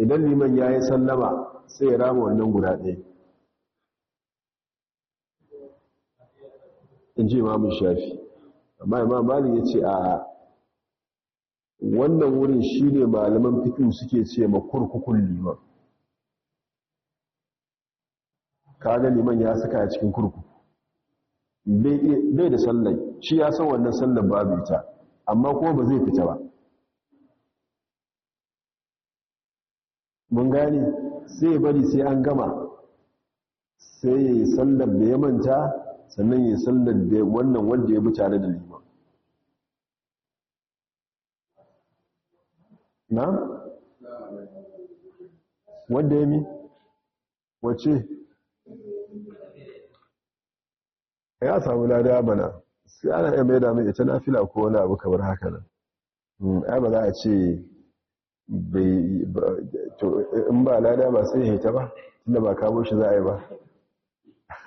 idan liman ya yi sallama sai ya rama wannan guda ɗaya in ji imamun shafi'i amma imam bali ya ce a wannan wurin shi ne malaman fiqh suke ce ma kurkukun liman kaga liman ya saka a cikin kurkuku bai da sallar shi ya san wannan sallar babu ita amma ko ba zai fita ba mun gane sai bari sai an gama sai ya sallar da ya manta sannan ya sallar da wannan wanda ya bi tare da liman na? wadda ya mi? wace? ya samu lada bana sai ana iya mai damu ita na fila ko wani abu kamar haka nan ya hmm, ba za a ce in ba lada ba sai ya ba tunda ba kamo shi za a yi ba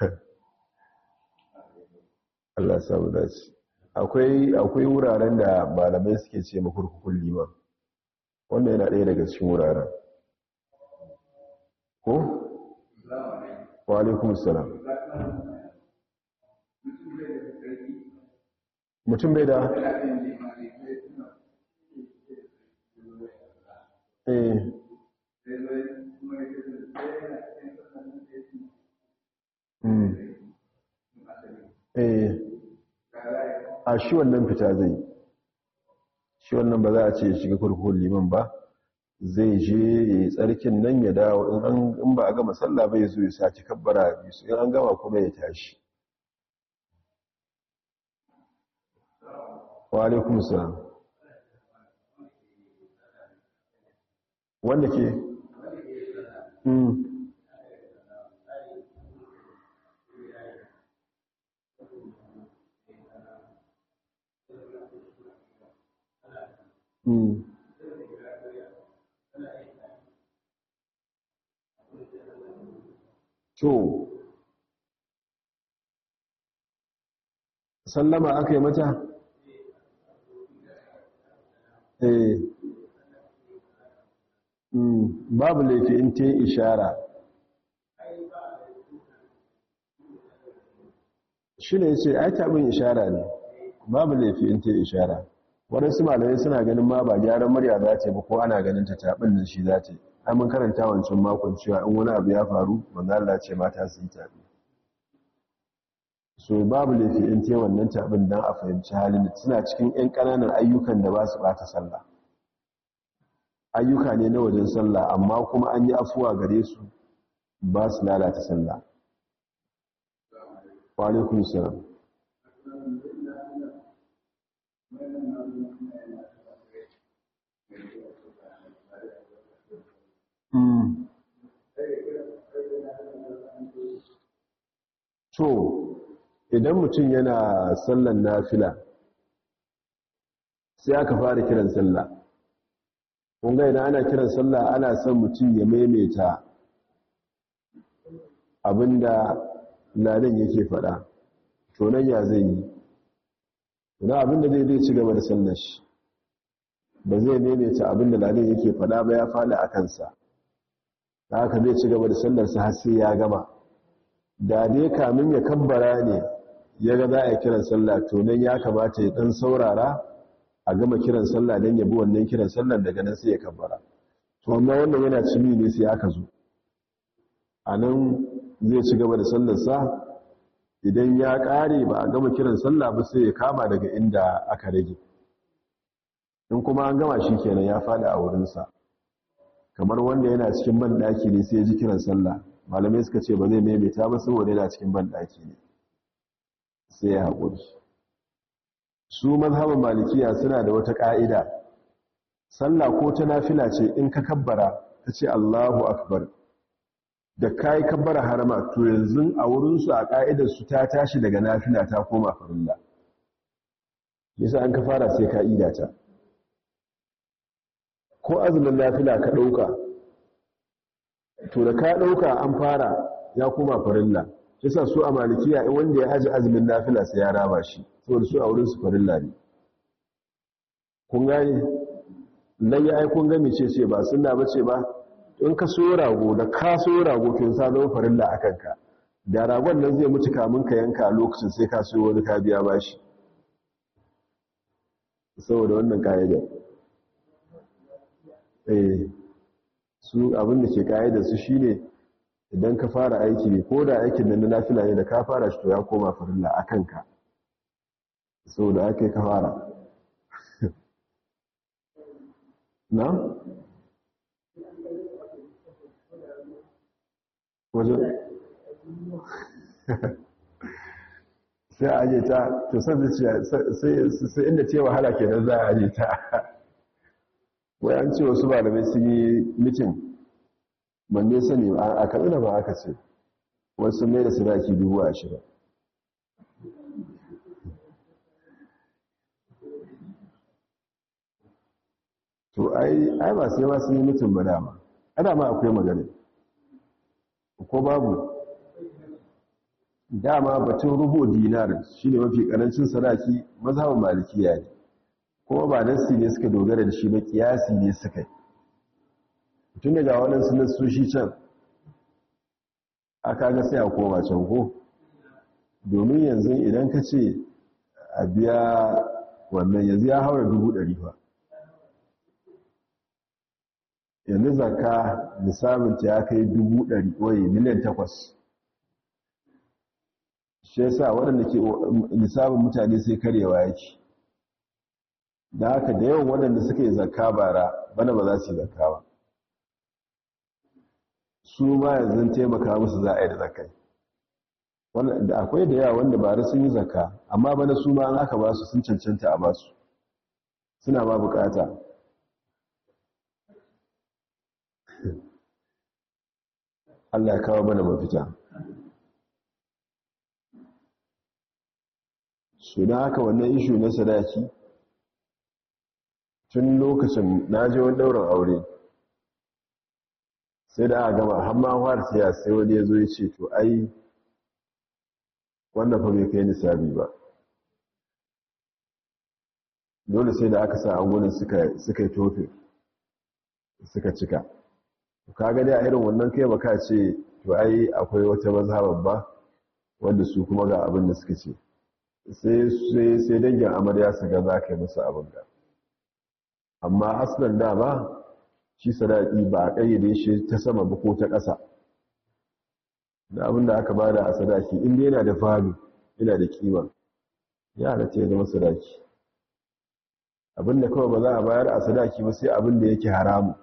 Allah samu dace akwai wuraren da malamai suke ce makurkukun liman wanda yana ɗaya daga cikin wuraren ko? wa alaikun salam mutum bai da eh. Hmm. Eh. a shi wannan fita zai shi wannan ba za a ce ya shiga kurkukun liman ba zai je ya tsarkin nan ya dawo in ba a gama sallah ba ya zo ya saci kabbara biyu in an gama kuma ya tashi wanda ke? Hmm. Hmm. to sallama aka yi mata eh hmm. babu laifin in ta yi ishara shi ne ce ai bin ishara ne babu laifin in ta yi ishara waɗansu malamai suna ganin ma ba gyaran murya za ta ba ko ana ganin ta taɓin nan shi za ta yi an karanta wancan makon cewa in wani abu ya faru wanda Allah ce mata su taɓi so babu laifi in te wannan taɓin don a fahimci halin da suna cikin 'yan ƙananan ayyukan da ba su ɓata sallah ayyuka ne na wajen sallah amma kuma an yi afuwa gare su ba su lalata sallah wa alaikum salam Hmm. to idan mutum yana sallan nafila sai aka fara kiran salla kunga idan ana kiran sallah ana son mutum ya maimaita abinda ladan yake faɗa, to ya zai yi ina abin da zai zai ci gaba da sallar shi ba zai maimaita abin da lalai yake faɗa ba ya faɗi a kansa da haka zai ci gaba da sa har sai ya gama da ne kamun ya kambara ne ya ga za a yi kiran sallah to nan ya kamata ya ɗan saurara a gama kiran sallah don ya bi wannan kiran sallah daga nan sai ya kambara. to amma wannan yana cimi ne sai aka zo a nan zai ci gaba da sa. idan ya ƙare ba a gama kiran sallah ba sai ya kama daga inda aka rage in kuma an gama shi kenan ya faɗi a wurinsa kamar wanda yana cikin banɗaki ne sai ya ji kiran sallah malamai suka ce ba zai maimaita ba saboda yana cikin banɗaki ne sai ya haƙuri su mazhabin malikiya suna da wata ƙa'ida sallah ko ta nafila ce in ka kabbara ta ce allahu akbar da kayi kabbara harama to yanzu a wurinsu a ƙa'idar su ta tashi daga nafila ta koma farilla yasa an ka fara sai ka ida ta ko azumin nafila ka ɗauka to da ka ɗauka an fara ya koma farilla yasa su a malikiya wanda ya haji azumin nafila sai ya raba shi saboda su a wurinsu farilla ne kun gane nan ya ai kun ga ce ba sunna bace ba in ka so rago da ka so rago kin sa don farilla a ka. da ragon nan zai mutu kamun ka yanka a lokacin sai ka so wani ka biya bashi saboda wannan ka'idar eh su abin da ke ka'idar su shine idan ka fara aiki ne ko da aikin nan na lafiya ne da ka fara shi to ya koma farilla a ka? saboda ake ka fara na sai a ta to san zuciya sai inda ce wahala ke za a aje ta wai an ce wasu malamai sun yi mitin ban dai sani a da ba aka ce wasu mai da sadaki dubu ashirin to ai ba sai ba su yi mutum ba dama ana ma akwai magana ko babu dama batun rubo dinar shi ne mafi karancin sadaki mazhabin malikiya ne ko ba nassi ne suka dogara da shi ba kiyasi ne suka yi tun daga waɗansu shi can aka ga sai a koma can ko domin yanzu idan ka ce a biya wannan yanzu ya haura dubu ɗari ba yanzu Zaka zakka ta ya kai dubu ɗari ɓoye miliyan takwas shi sa waɗanda ke nisabin mutane sai karyewa yake da haka da yawan waɗanda suka yi zaka bara bana ba za su yi zaka ba su ma yanzu taimaka musu za a yi da zakkai da akwai da yawa wanda bara sun yi zaka, amma bana su ma an aka ba su sun cancanta a ba su suna ba bukata Allah ya kawo mana mafita su da haka wannan ishu na sadaki tun lokacin na je wani ɗaurin aure sai da aka gama har fara siya sai wani ya zo ya ce to ai wannan fa bai kai nisabi ba dole sai da aka sa angunan suka yi tofe suka cika ka gani a irin wannan kai baka ce to ai akwai wata mazhabar ba wanda su kuma ga abin da suka ce sai sai sai dangin amarya su ga za yi musu abin da amma aslan da ba shi sadaki ba a kayyade shi ta sama ba ko ta ƙasa da abin da aka bada a sadaki inda yana da fami yana da kima yara ce zama sadaki abin da kawai ba za a bayar a sadaki ba sai abin da yake haramu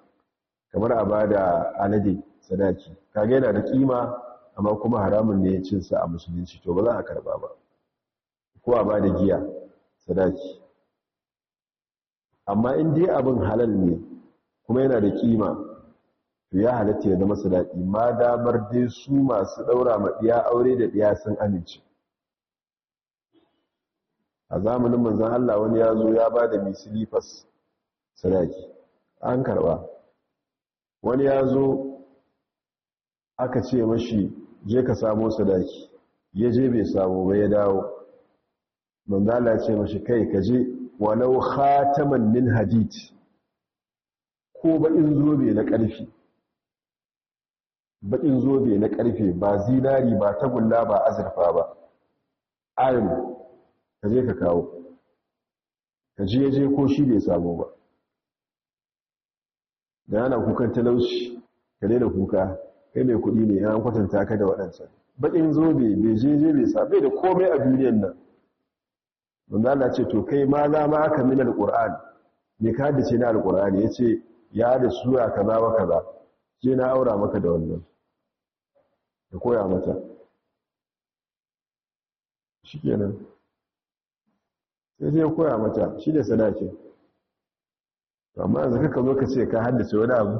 kamar a ba da alade sadaki kaga yana da kima amma kuma haramun ne ya cinsa a musulunci to ba za a karba ba ko a ba da giya sadaki amma in dai abin halal ne kuma yana da kima to ya halatta ya zama sadaki ma damar dai su masu daura ma diya aure da diya sun amince a zamanin manzon Allah wani ya zo ya ba da misilifas sadaki an karba wani ya zo aka ce mashi je ka samo sadaki ya je bai samu ba ya dawo manzala ce mashi kai ka je walau khataman min hadith. ko baƙin zobe na ƙarfe baƙin zobe na ƙarfe ba zinari ba tagulla ba azurfa ba ayon ka je ka kawo ka je ya je ko shi bai samu ba da ana kukan talauci ka daina kuka kai mai kuɗi ne an kwatanta ka da waɗansa? baƙin zobe bai jeje bai sabai da komai a duniyan nan wanda ana ce to kai ma za ma aka min alƙur'ani me ka da ce na alƙur'ani ya ce ya da sura kaza wa kaza sai na aura maka da wannan da koya mata shikenan sai zai koya mata shi da sadakin amma yanzu kaka zo ka ce ka haddace wani abu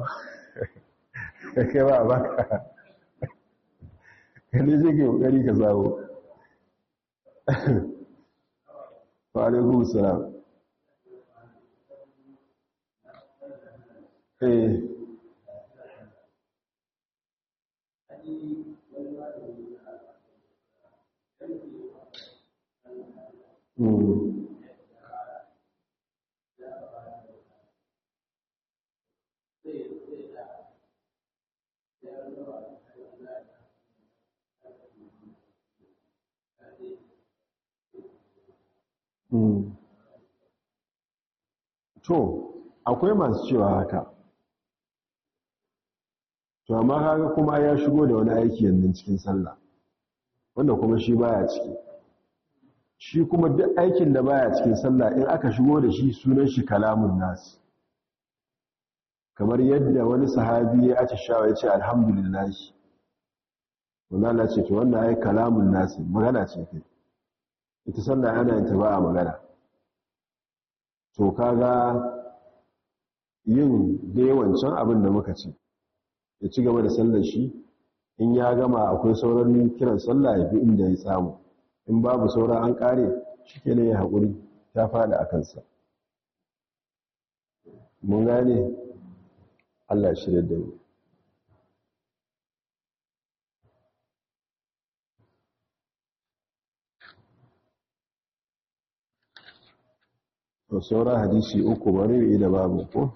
kai ba a baka kanin zai ke kokari ka zawo fari gusa Mm-hmm. Hmm. to akwai masu cewa haka to amma kaga kuma ya shigo da wani aiki yannin cikin sallah wanda kuma shi baya ciki shi kuma duk aikin da baya cikin sallah in aka shigo da shi sunan shi kalamun nasu. kamar yadda wani sahabi ya ake shawar ya ce alhamdulillah wanda ce wanda ya yi kalamun nasu magana ce kai ita sallah ana yin ta ba a magana to kaga yin dai wancan abin da muka ci ya ci gaba da sallar shi in ya gama akwai sauran kiran sallah ya bi inda ya samu in babu sauran an kare shi ke ya haƙuri ta faɗi a kansa mun gane allah shirya da mu to saura hadisi uku bari da babu ko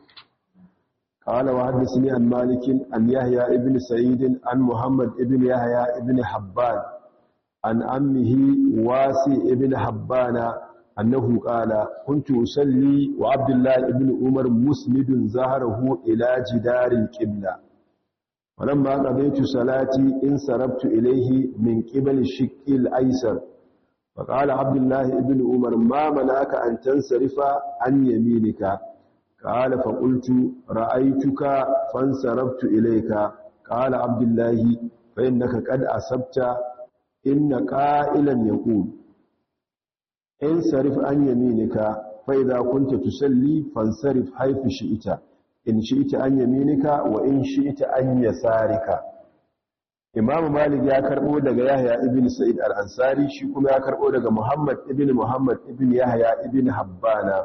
قال وحدثني عن مالك عن يحيى ابن سعيد عن محمد ابن يحيى ابن حبان عن أمه واسي ابن حبان أنه قال كنت أسلي وعبد الله ابن عمر مسند زهره إلى جدار القبلة ولما قضيت صلاتي انصرفت إليه من قبل الشق الأيسر فقال عبد الله بن عمر ما منعك أن تنصرف عن يمينك قال فقلت رأيتك فانصرفت إليك قال عبد الله فإنك قد أصبت إن قائلا يقول انصرف عن يمينك فإذا كنت تسلي فانصرف حيث شئت إن شئت عن يمينك وإن شئت عن يسارك imam malik ya karbo daga yahya ibn sa'id al-ansari shi kuma ya karbo daga muhammad ibn muhammad ibn yahya ibn habbana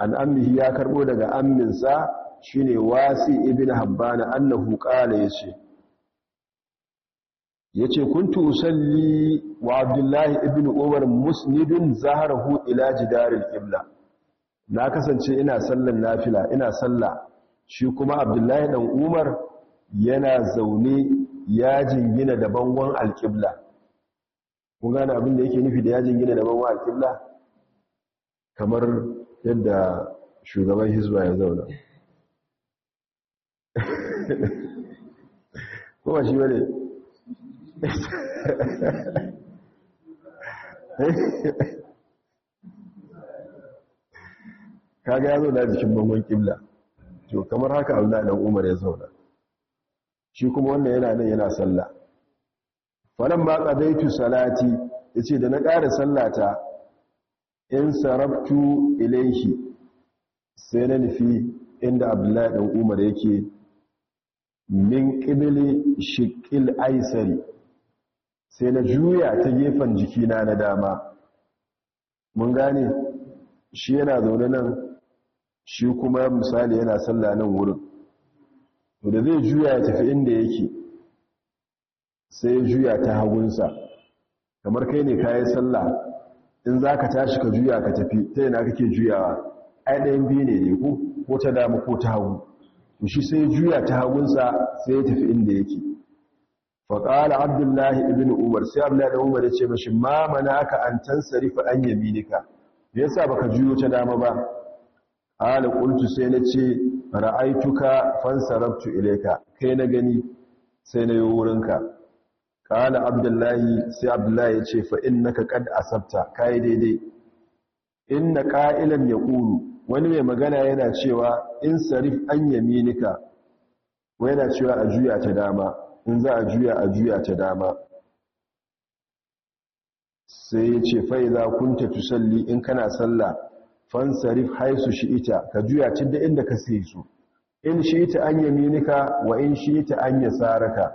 an ammihi ya karbo daga amminsa shine wasi ibn habbana annahu qala yace yace kuntu usalli wa abdullahi ibn umar musnidun zaharahu ila jidaril qibla na kasance ina sallan nafila ina salla shi kuma abdullahi dan umar yana zaune ya jingina da bangon alƙibla kun gane abin da yake nufi da ya jingina da bangon alƙibla kamar yadda shugaban hizba ya zauna kuma shi Ka kaga ya da jikin bangon ƙibla to kamar haka abu da umar ya zauna shi kuma wannan yana nan yana sallah falan ba qadaitu salati yace da na ƙara sallata in sarabtu ilayhi sai na nufi inda abdullahi dan umar yake min qibli shiqqil aisari sai na juya ta gefen jikina na dama mun gane shi yana zaune nan shi kuma misali yana sallah nan wurin to da zai juya ya tafi inda yake sai juya ta hagunsa kamar kai ne kayan sallah in za ka tashi ka juya ka tafi ta yana kake juyawa ai ɗayan biyu ne ne ko ko ta dama ko ta hagu to shi sai juya ta hagunsa sai ya tafi inda yake faƙala abdullahi ibn umar sai abdullahi ibn umar ya ce mashi ma mana aka an tansarifa an yaminika me yasa baka juyo ta dama ba ala ƙuntu sai na ce ra'aituka fansarabtu ilayka kai na gani sai na yi wurinka qala abdullahi sai abdullahi yace fa innaka qad asabta kai daidai inna qa'ilan yaqulu wani mai magana yana cewa in sarif an yaminika wai yana cewa a juya ta dama in za a juya a juya ta dama sai yace fa idza kunta tusalli in kana sallah fansarif haisu shi'ita ka juya cin da inda ka sai su in shi'ita an yaminika wa in shi'ita an yasaraka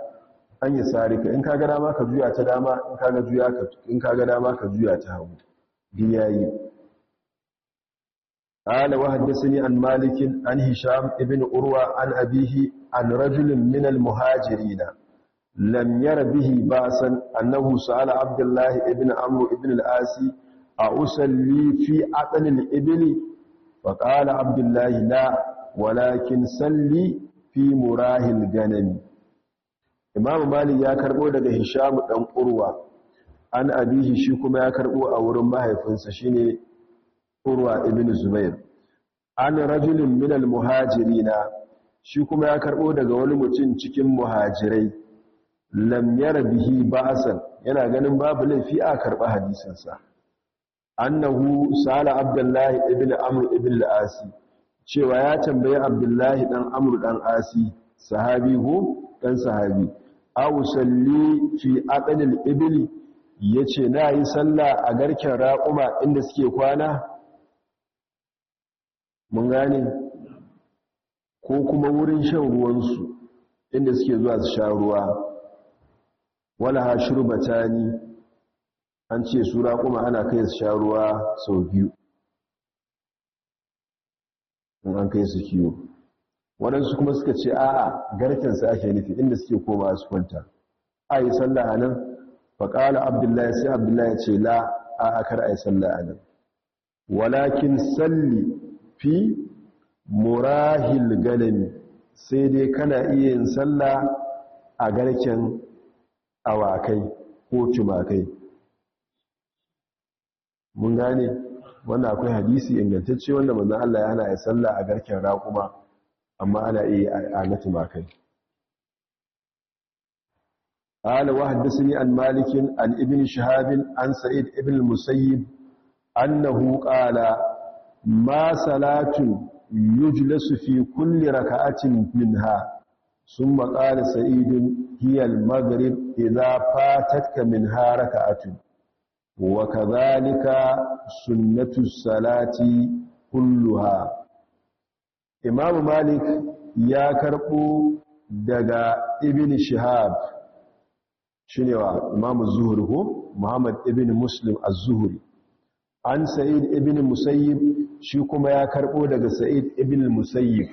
an yasarika in kaga dama ka juya ta dama in kaga juya ka in kaga dama ka juya ta hagu biyayi qala wa haddathani an malik an hisham ibn urwa an abihi an rajul min al muhajirin lam yar bihi ba'san annahu sa'ala abdullah ibn amr ibn al asi a usalli fi atsalil ibili fa qala abdullahi la walakin salli fi murahil ganami imam malik ya karɓo daga Hishamu dan urwa an abihi shi kuma ya karbo a wurin mahaifinsa shine urwa ibn zubair an rajulin min muhajirina shi kuma ya karɓo daga wani mutum cikin muhajirai lam yara bihi yana ganin babu laifi a karɓa hadisinsa. annahu sala abdullahi ibn amr ibn al-asi cewa ya tambayi abdullahi dan amr dan asi sahabi ko dan sahabi aw salli fi aqdil ibli yace na yi sallah a garken raquma inda suke kwana mun gane ko kuma wurin shan ruwansu inda suke zuwa su sha ruwa wala batani? an ce su raƙuma ana kai su sha ruwa sau biyu in an kai su kiwo waɗansu kuma suka ce a'a garkensu ake nufi inda suke koma su kwanta a yi sallah a nan faƙala abdullahi sai abdullahi ce la a kar a yi sallah a nan walakin salli fi murahil galami sai dai kana iya yin sallah a garken awakai ko tumakai mun gane wanda akwai hadisi ingantacce wanda manzan Allah ya hana a salla a garken raƙuma amma ana iya yi a natu makai. Ala wa haddasa ni an malikin an ibini an sa’id ibin musayi an na hukala ma salatun yi su fi kulle raka’atin bin sun maƙala sa’idun hiyar magarib ila fatakka min ha wa kadhalika sunnatu salati kulluha imamu malik ya karɓo daga ibn shihab shine wa imamu zuhri ko muhammad ibn muslim az-zuhri an sa'id ibn musayyib shi kuma ya karɓo daga sa'id ibn musayyib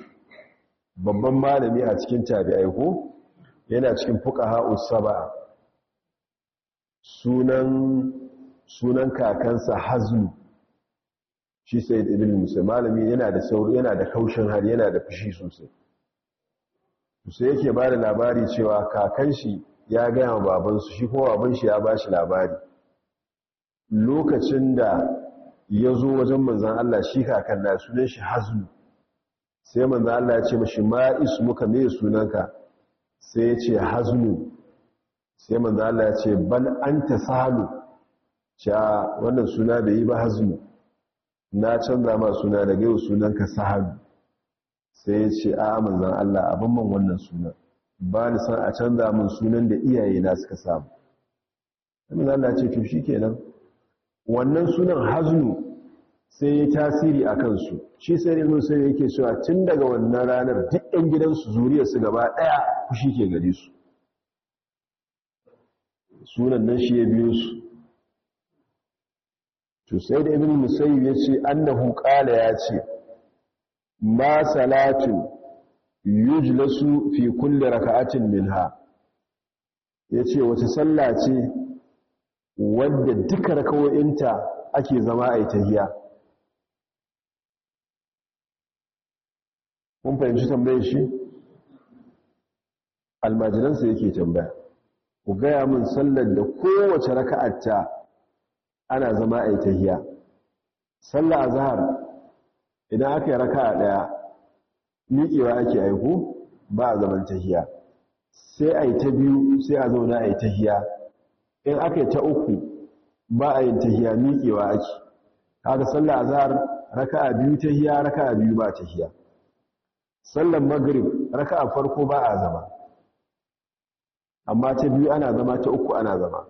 babban malami a cikin tabi'ai ko yana cikin fuqaha us-sab'a sunan sunan kakansa hazlu shi sai ibn musa malami yana da sauri yana da kaushin hali yana da fushi sosai sai yake ba da labari cewa kakanshi shi ya gaya wa babansu shi kuma baban shi ya ba shi labari lokacin da ya zo wajen manzan Allah shi kakan na sunan shi hazlu sai manzan Allah ya ce mashi ma muka mai sunanka sai ya ce hazlu sai manzan Allah ya ce bal anta salu cewa wannan suna da yi ba hazmu na canza ma suna daga yau ka sahabi sai ya ce a manzan Allah abin man wannan suna ba ni san a canza min sunan da iyaye na suka samu amin Allah ce to shikenan wannan sunan haznu sai ya tasiri a kansu shi sai ne sai yake cewa tun daga wannan ranar duk ɗan gidansu zuriyar su gaba ɗaya kushi ke gare su sunan nan shi ya biyo su to sai da ibn musayyib yace annahu qala yace ma salatu yujlasu fi kulli raka'atin minha yace wata sallah ce Wanda duka rakawoyinta ake zama a tahiyya Mun fahimci tambayar shi almajiransa yake tambaya ku gaya min sallar da kowace ta ana zama a yi ta hiya. sallah azhar idan aka yi raka a ɗaya, miƙewa ake aiko ba a zaman hiya. sai a yi ta biyu sai a zauna a yi ta hiya. in aka yi ta uku ba a yin hiya miƙewa ake Haka sallah azhar a biyu ta raka a biyu ba ta tahiya sallan raka a farko ba a zama amma ta biyu ana zama ta uku ana zama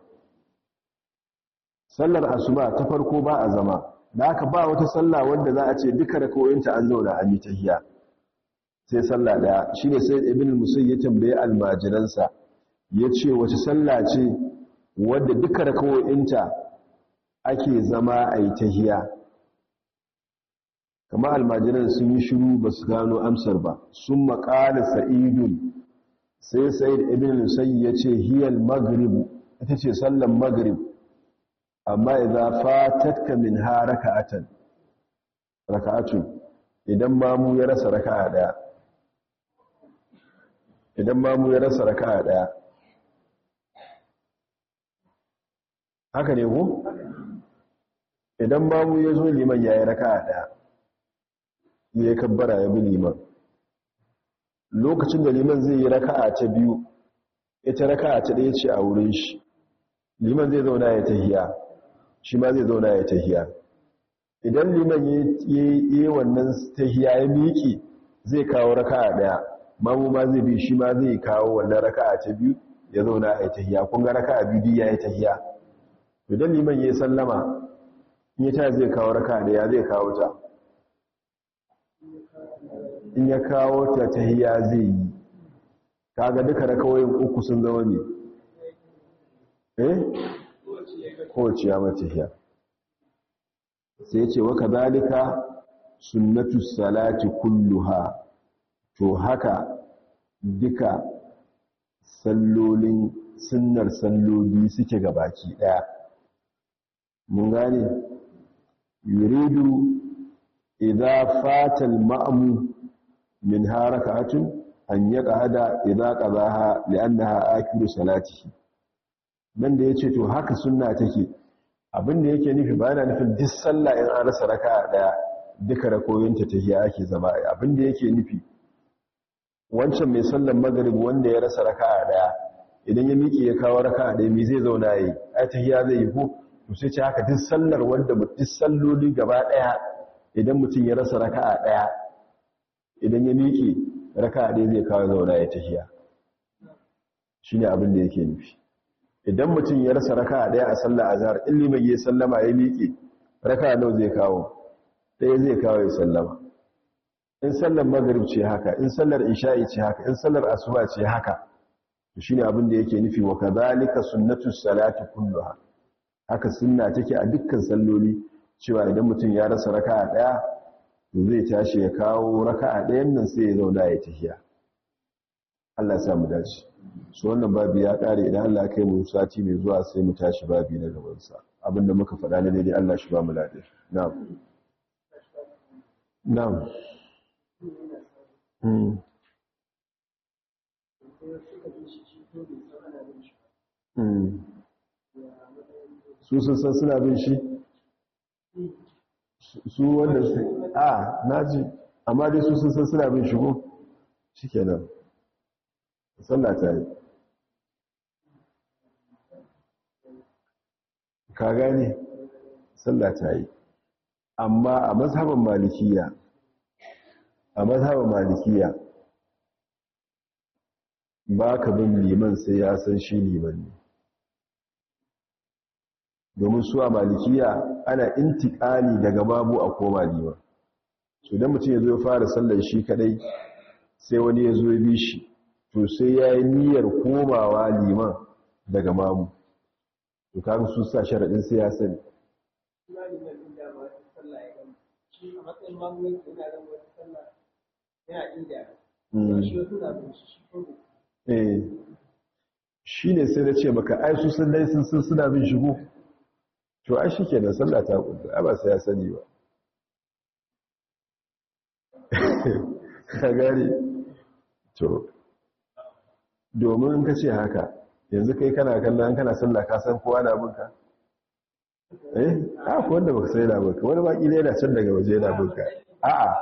sallar asuba ta farko ba a zama da aka ba wata sallah wanda za a ce duka da koyinta an zauna a yi tahiya sai sallah daya shine sai ibn musayyib ya tambaye almajiransa yace wace sallah ce wadda duka da koyinta ake zama a yi tahiya kama almajiran sun yi shiru ba su gano amsar ba sun maƙala sa'idun sai sa'id ibn musayyib ya ce hiyal maghrib ita ce sallar maghrib amma idza fatatka min harakatan raka'atu idan mamu ya rasa raka'a daya idan mamu ya rasa raka'a daya haka ne ko idan mamu ya zo liman yayi raka'a daya ya kabbara ya bi liman lokacin da liman zai yi raka'a ta biyu ita raka'a ta daya ce a wurin shi liman zai zauna ya tahiya shi ma zai zauna ya tahiya idan liman ya wannan tahiya ya miƙe zai kawo a daya mamu ma zai bi shi ma zai kawo wannan raka'a ta biyu ya zauna ya tahiya kun ga raka'a biyu ya yi tahiya idan liman ya sallama ya ta zai kawo a daya zai kawo ta in ya kawo ta tahiya zai yi kaga duka rakawoyin uku sun zama ne eh kowace ya mace ya. sai ce waka dalika sunnatu salati kulluha to haka duka sallolin sunnar salloli suke gabaki ɗaya. mun gane yuridu idza fata al-ma'mu min harakatun an yaqada idza qadaha li'annaha salati salatihi nan da ya ce to haka sunna take abinda yake nufi ba yana nufin duk sallah in an rasa raka daya duka rakoyinta ta hiya ake zama abinda yake nufi wancan mai sallan magrib wanda ya rasa raka daya idan ya miƙe ya kawo raka daya mai zai zauna yi A ta hiya zai yi ko to sai ce haka duk sallar wanda duk salloli gaba daya idan mutum ya rasa raka daya idan ya miƙe raka daya zai kawo zauna ya ta hiya shine abinda yake nufi idan mutum ya rasa raka a ɗaya a sallah azhar in liman ya sallama ya miƙe raka nawa zai kawo ɗaya zai kawo ya sallama in sallar maghrib ce haka in sallar isha'i ce haka in sallar asuba ce haka to shine abin da yake nufi wa kadhalika sunnatu salati kulluha haka sunna take a dukkan salloli cewa idan mutum ya rasa raka ɗaya, daya zai tashi ya kawo raka a dayan nan sai ya zauna ya tafiya. Allah sa mu dace su wannan babi ya kare idan Allah ya kai mu sati mai zuwa sai mu tashi babi na gaban sa abinda muka faɗa ne daidai Allah shi ba mu lade na'am na'am hmm. hmm su sun san suna bin shi su wanda su a ah, naji amma dai su sun san suna bin shi ko shikenan sallah ta yi ka gane sallah ta yi amma a malikiya ba ka bin liman sai ya san shi liman ne domin su a malikiya ana intikali daga babu a koma liman Su don mutum ya zo fara sallar shi kadai sai wani ya zo ya bi shi to sai ya yi niyyar komawa liman daga mamu to kaga su sa sharaɗin sai ya sani hmm. eh. shi ne sai da ce maka ai su sun dai sun suna bin shigo to ai shi ke da sallah ta kudu a ba sai ya sani ba ta gari to domin in ka ce haka yanzu kai kana kallon kana sallah ka san kowa na binka eh a ko wanda baka sai labarka wani baki ne yana can daga waje yana binka a'a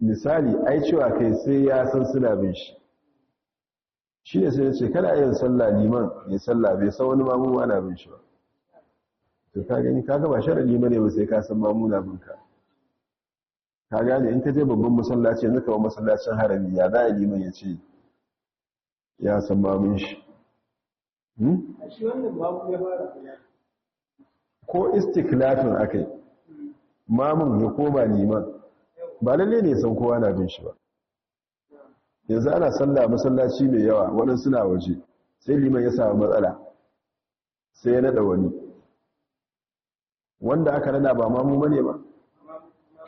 misali ai cewa kai sai ya san suna bin shi shi ne sai ce kana yin sallah liman ya sallah bai san wani mamu ana bin shi ba to ka gani ka gaba liman ne ba sai ka san mamu na binka ka gane in ka je babban masallaci yanzu kawai masallacin harami ya za a liman ya ce ya san babin shi hmm? ko istiklafin akai mamun ya koma liman ba lalle ne san kowa na bin shi ba yanzu ana sallah masallaci mai yawa wani suna waje sai liman ya samu matsala sai ya nada wani wanda aka nada ba mamu bane ba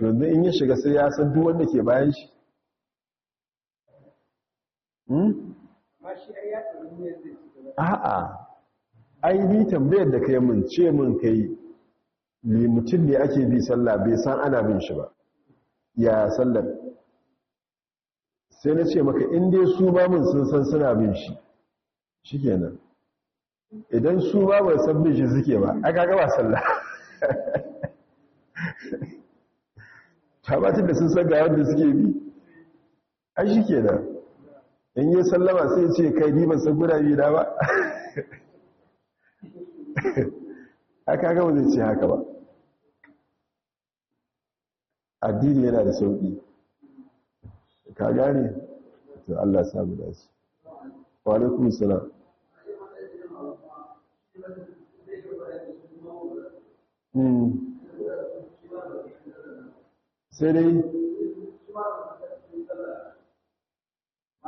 yanzu in ya shiga sai ya san duk wanda ke bayan shi hmm? a'a ai bi tambayar da kai mun ce mun kai ni mutum ne ake bi sallah bai san ana bin shi ba ya sallar sai na ce maka in dai su ba mun sun san suna bin shi shikenan idan su ba ba san bin shi suke ba aka ga ba sallah tabbatar da sun san ga wanda suke bi ai shikenan in yi sallama sai ce kai ni ban san guda biyu ba haka gaba zai ce haka ba addini yana da sauƙi ka gane to Allah samu dace wa alaikum salam hmm. sai dai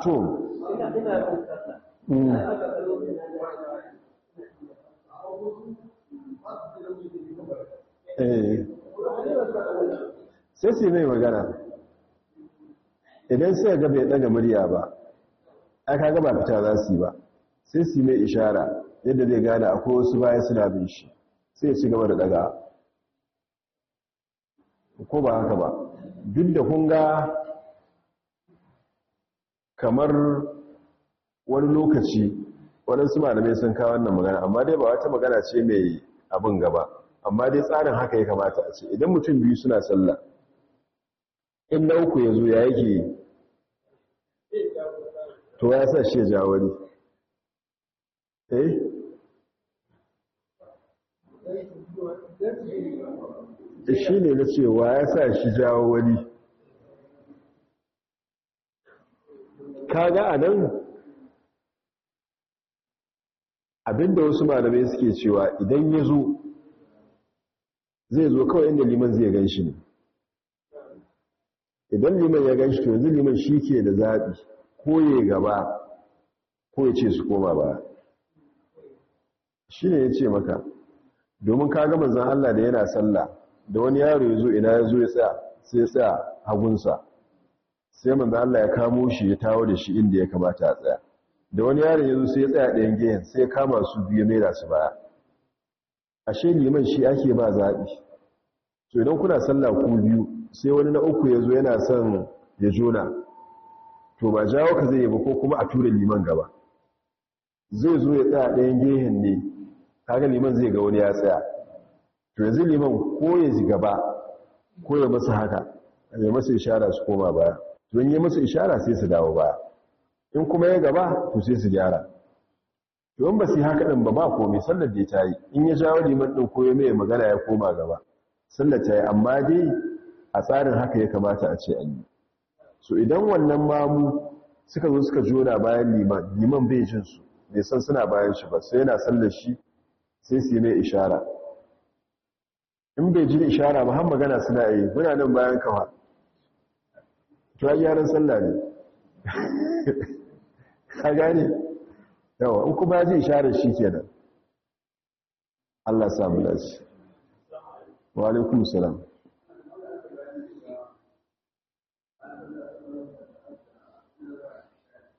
to mm. eh. sai su mai magana idan sai gaba ya ɗaga murya ba ka gaba fita za su yi ba sai su mai ishara yadda zai gada akwai wasu baya suna bin shi sai su gaba da daga ko ba haka ba duk da kunga kamar wani lokaci waɗansu malamai sun kawo wannan magana amma dai ba wata magana ce mai abin gaba amma dai tsarin haka ya kamata a ce idan mutum biyu suna sallah in na uku ya zo ya yake to ya sa shi ya ja wani eh shi ne na cewa ya sa shi jawo wani kaga a nan abinda wasu malamai suke cewa idan ya zo zai zo kawai inda liman zai gan shi ne idan liman ya gan shi to yanzu liman shi ke da zaɓi ko ya gaba ko ya ce su koma ba shi ne ya ce maka domin ka ga manzan Allah da yana sallah da wani yaro ya zo ina ya zo ya tsaya sai ya tsaya hagunsa sai manzo Allah ya kamo shi ya tawo da shi inda ya kamata a tsaya da wani yaron yanzu sai ya tsaya ɗayan gehen sai ya kama su biyu mai da su baya ashe liman shi ake ba zaɓi. to idan kuna sallah ku biyu sai wani na uku ya zo yana son ya jona to ba jawo ka zai yi ba ko kuma a tura liman gaba zai zo ya tsaya ɗayan gehen ne kaga liman zai ga wani ya tsaya to yanzu liman ko ya ji gaba ko ya masa haka ya masa ishara su koma baya Don ya yi musu ishara sai su dawo baya in kuma ya gaba to sai su gyara to ba su yi haka ɗin ba ba komai sallar da ya tayi. in ya jawo liman ɗin ko ya mai magana ya koma gaba sallar ta yi amma dai a tsarin haka ya kamata a ce an yi so idan wannan mamu suka zo suka jona bayan liman liman bai jin su bai san suna bayan shi ba sai yana sallar shi sai su yi mai ishara in bai jin ishara ba har magana suna yi muna nan bayan kawa gyaran sallah ne kuma zai share shi kenan Allah samu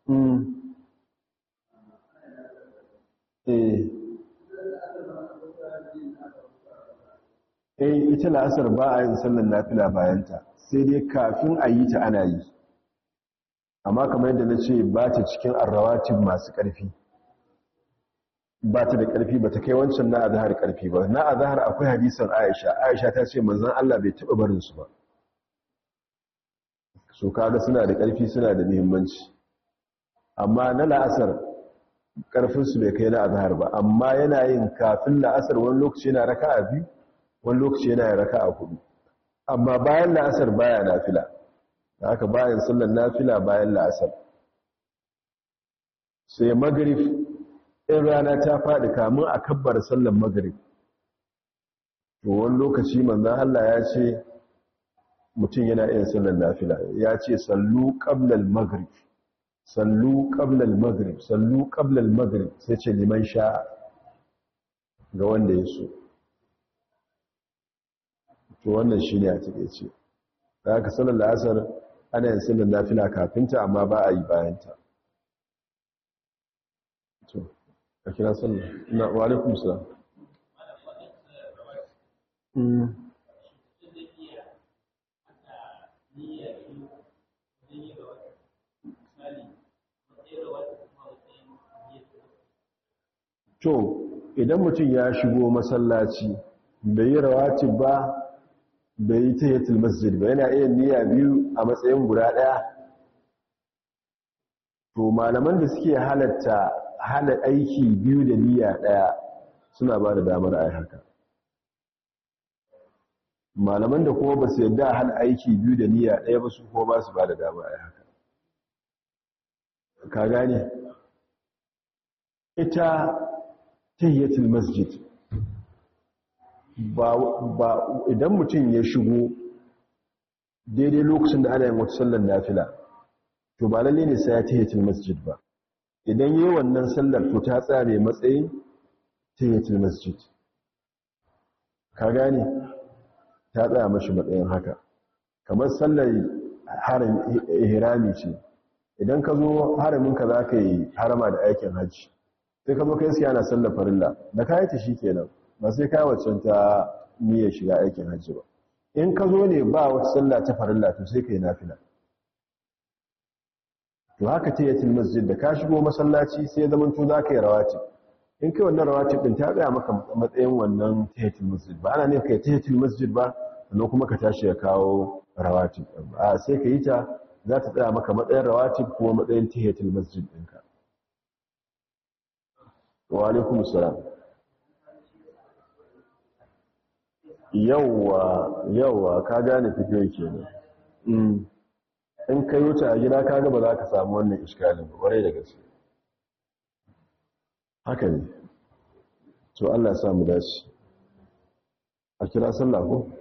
hmm. eh. eh ita la'asar ba a yin sallar nafila bayanta sai dai kafin a yi ta ana yi amma kamar yadda na ce ba ta cikin arrawacin masu ƙarfi ba ta da ƙarfi ba ta kai wancan na a zahar ƙarfi ba na a zahar akwai hadisan aisha aisha ta ce manzan allah bai taɓa barinsu ba so kaga suna da ƙarfi suna da muhimmanci amma na la'asar ƙarfinsu bai kai na a zahar ba amma yana yin kafin la'asar wani lokaci yana raka a biyu wani lokaci yana raka a kudu amma bayan la'asar baya nafila da haka bayan sallar nafila bayan la'asar sai magrib in rana ta faɗi kamun a kabbar sallar magrib to wani lokaci manzan Allah ya ce mutum yana iya sallar nafila ya ce sallu qablal magrib sallu qablal magrib sallu qablal magrib sai ce liman sha'a ga wanda ya so to wannan shi ne a ce da aka sanar asar ana yin sanar nafila kafinta amma ba a yi bayanta to a kira sanar na walaikun sa mm. to idan mutum ya shigo masallaci bai yi rawati ba bai yi tahiyatul masjid ba yana iya niyya biyu a matsayin guda ɗaya. to malaman da suke halatta hana aiki biyu da niyya ɗaya suna ba da damar ai haka malaman da kuma ba su yadda hana aiki biyu da niyya ɗaya ba su kuma ba su ba da damar ai haka ka gane ita tahiyatul masjid idan mutum ya shigo daidai lokacin da ana yin wata sallar nafila to ba lalle ne sai ya tahiyatul masjid ba idan yi wannan sallar to ta tsare matsayin tahiyatul masjid ka gane ta tsaya mashi matsayin haka kamar sallar harami ce idan ka zo haramin ka za ka yi harama da aikin hajji sai ka zo kai sai ana sallar farilla da kayata shi kenan ba sai kai waccan ta niyyar shiga aikin hajji ba in ka zo ne ba wata sallah ta farilla to sai kai yi nafila to haka ce yatin masjid da ka shigo masallaci sai ya zamanto za ka yi rawatib in kai wannan rawatib din ta tsaya maka matsayin wannan tahiyatul masjid ba ana ne kai tahiyatul masjid ba sannan kuma ka tashi ya kawo rawatib a sai ka yi ta za ta tsaya maka matsayin rawatib kuma matsayin tahiyatul masjid ɗinka wa alaikum salam yawwa yawwa ka gane fito kenan ne mm. in ka wuce a gida ka gaba za ka samu wannan iskalin warai da gaske haka ne to Allah ya sa dace a kira sallah ko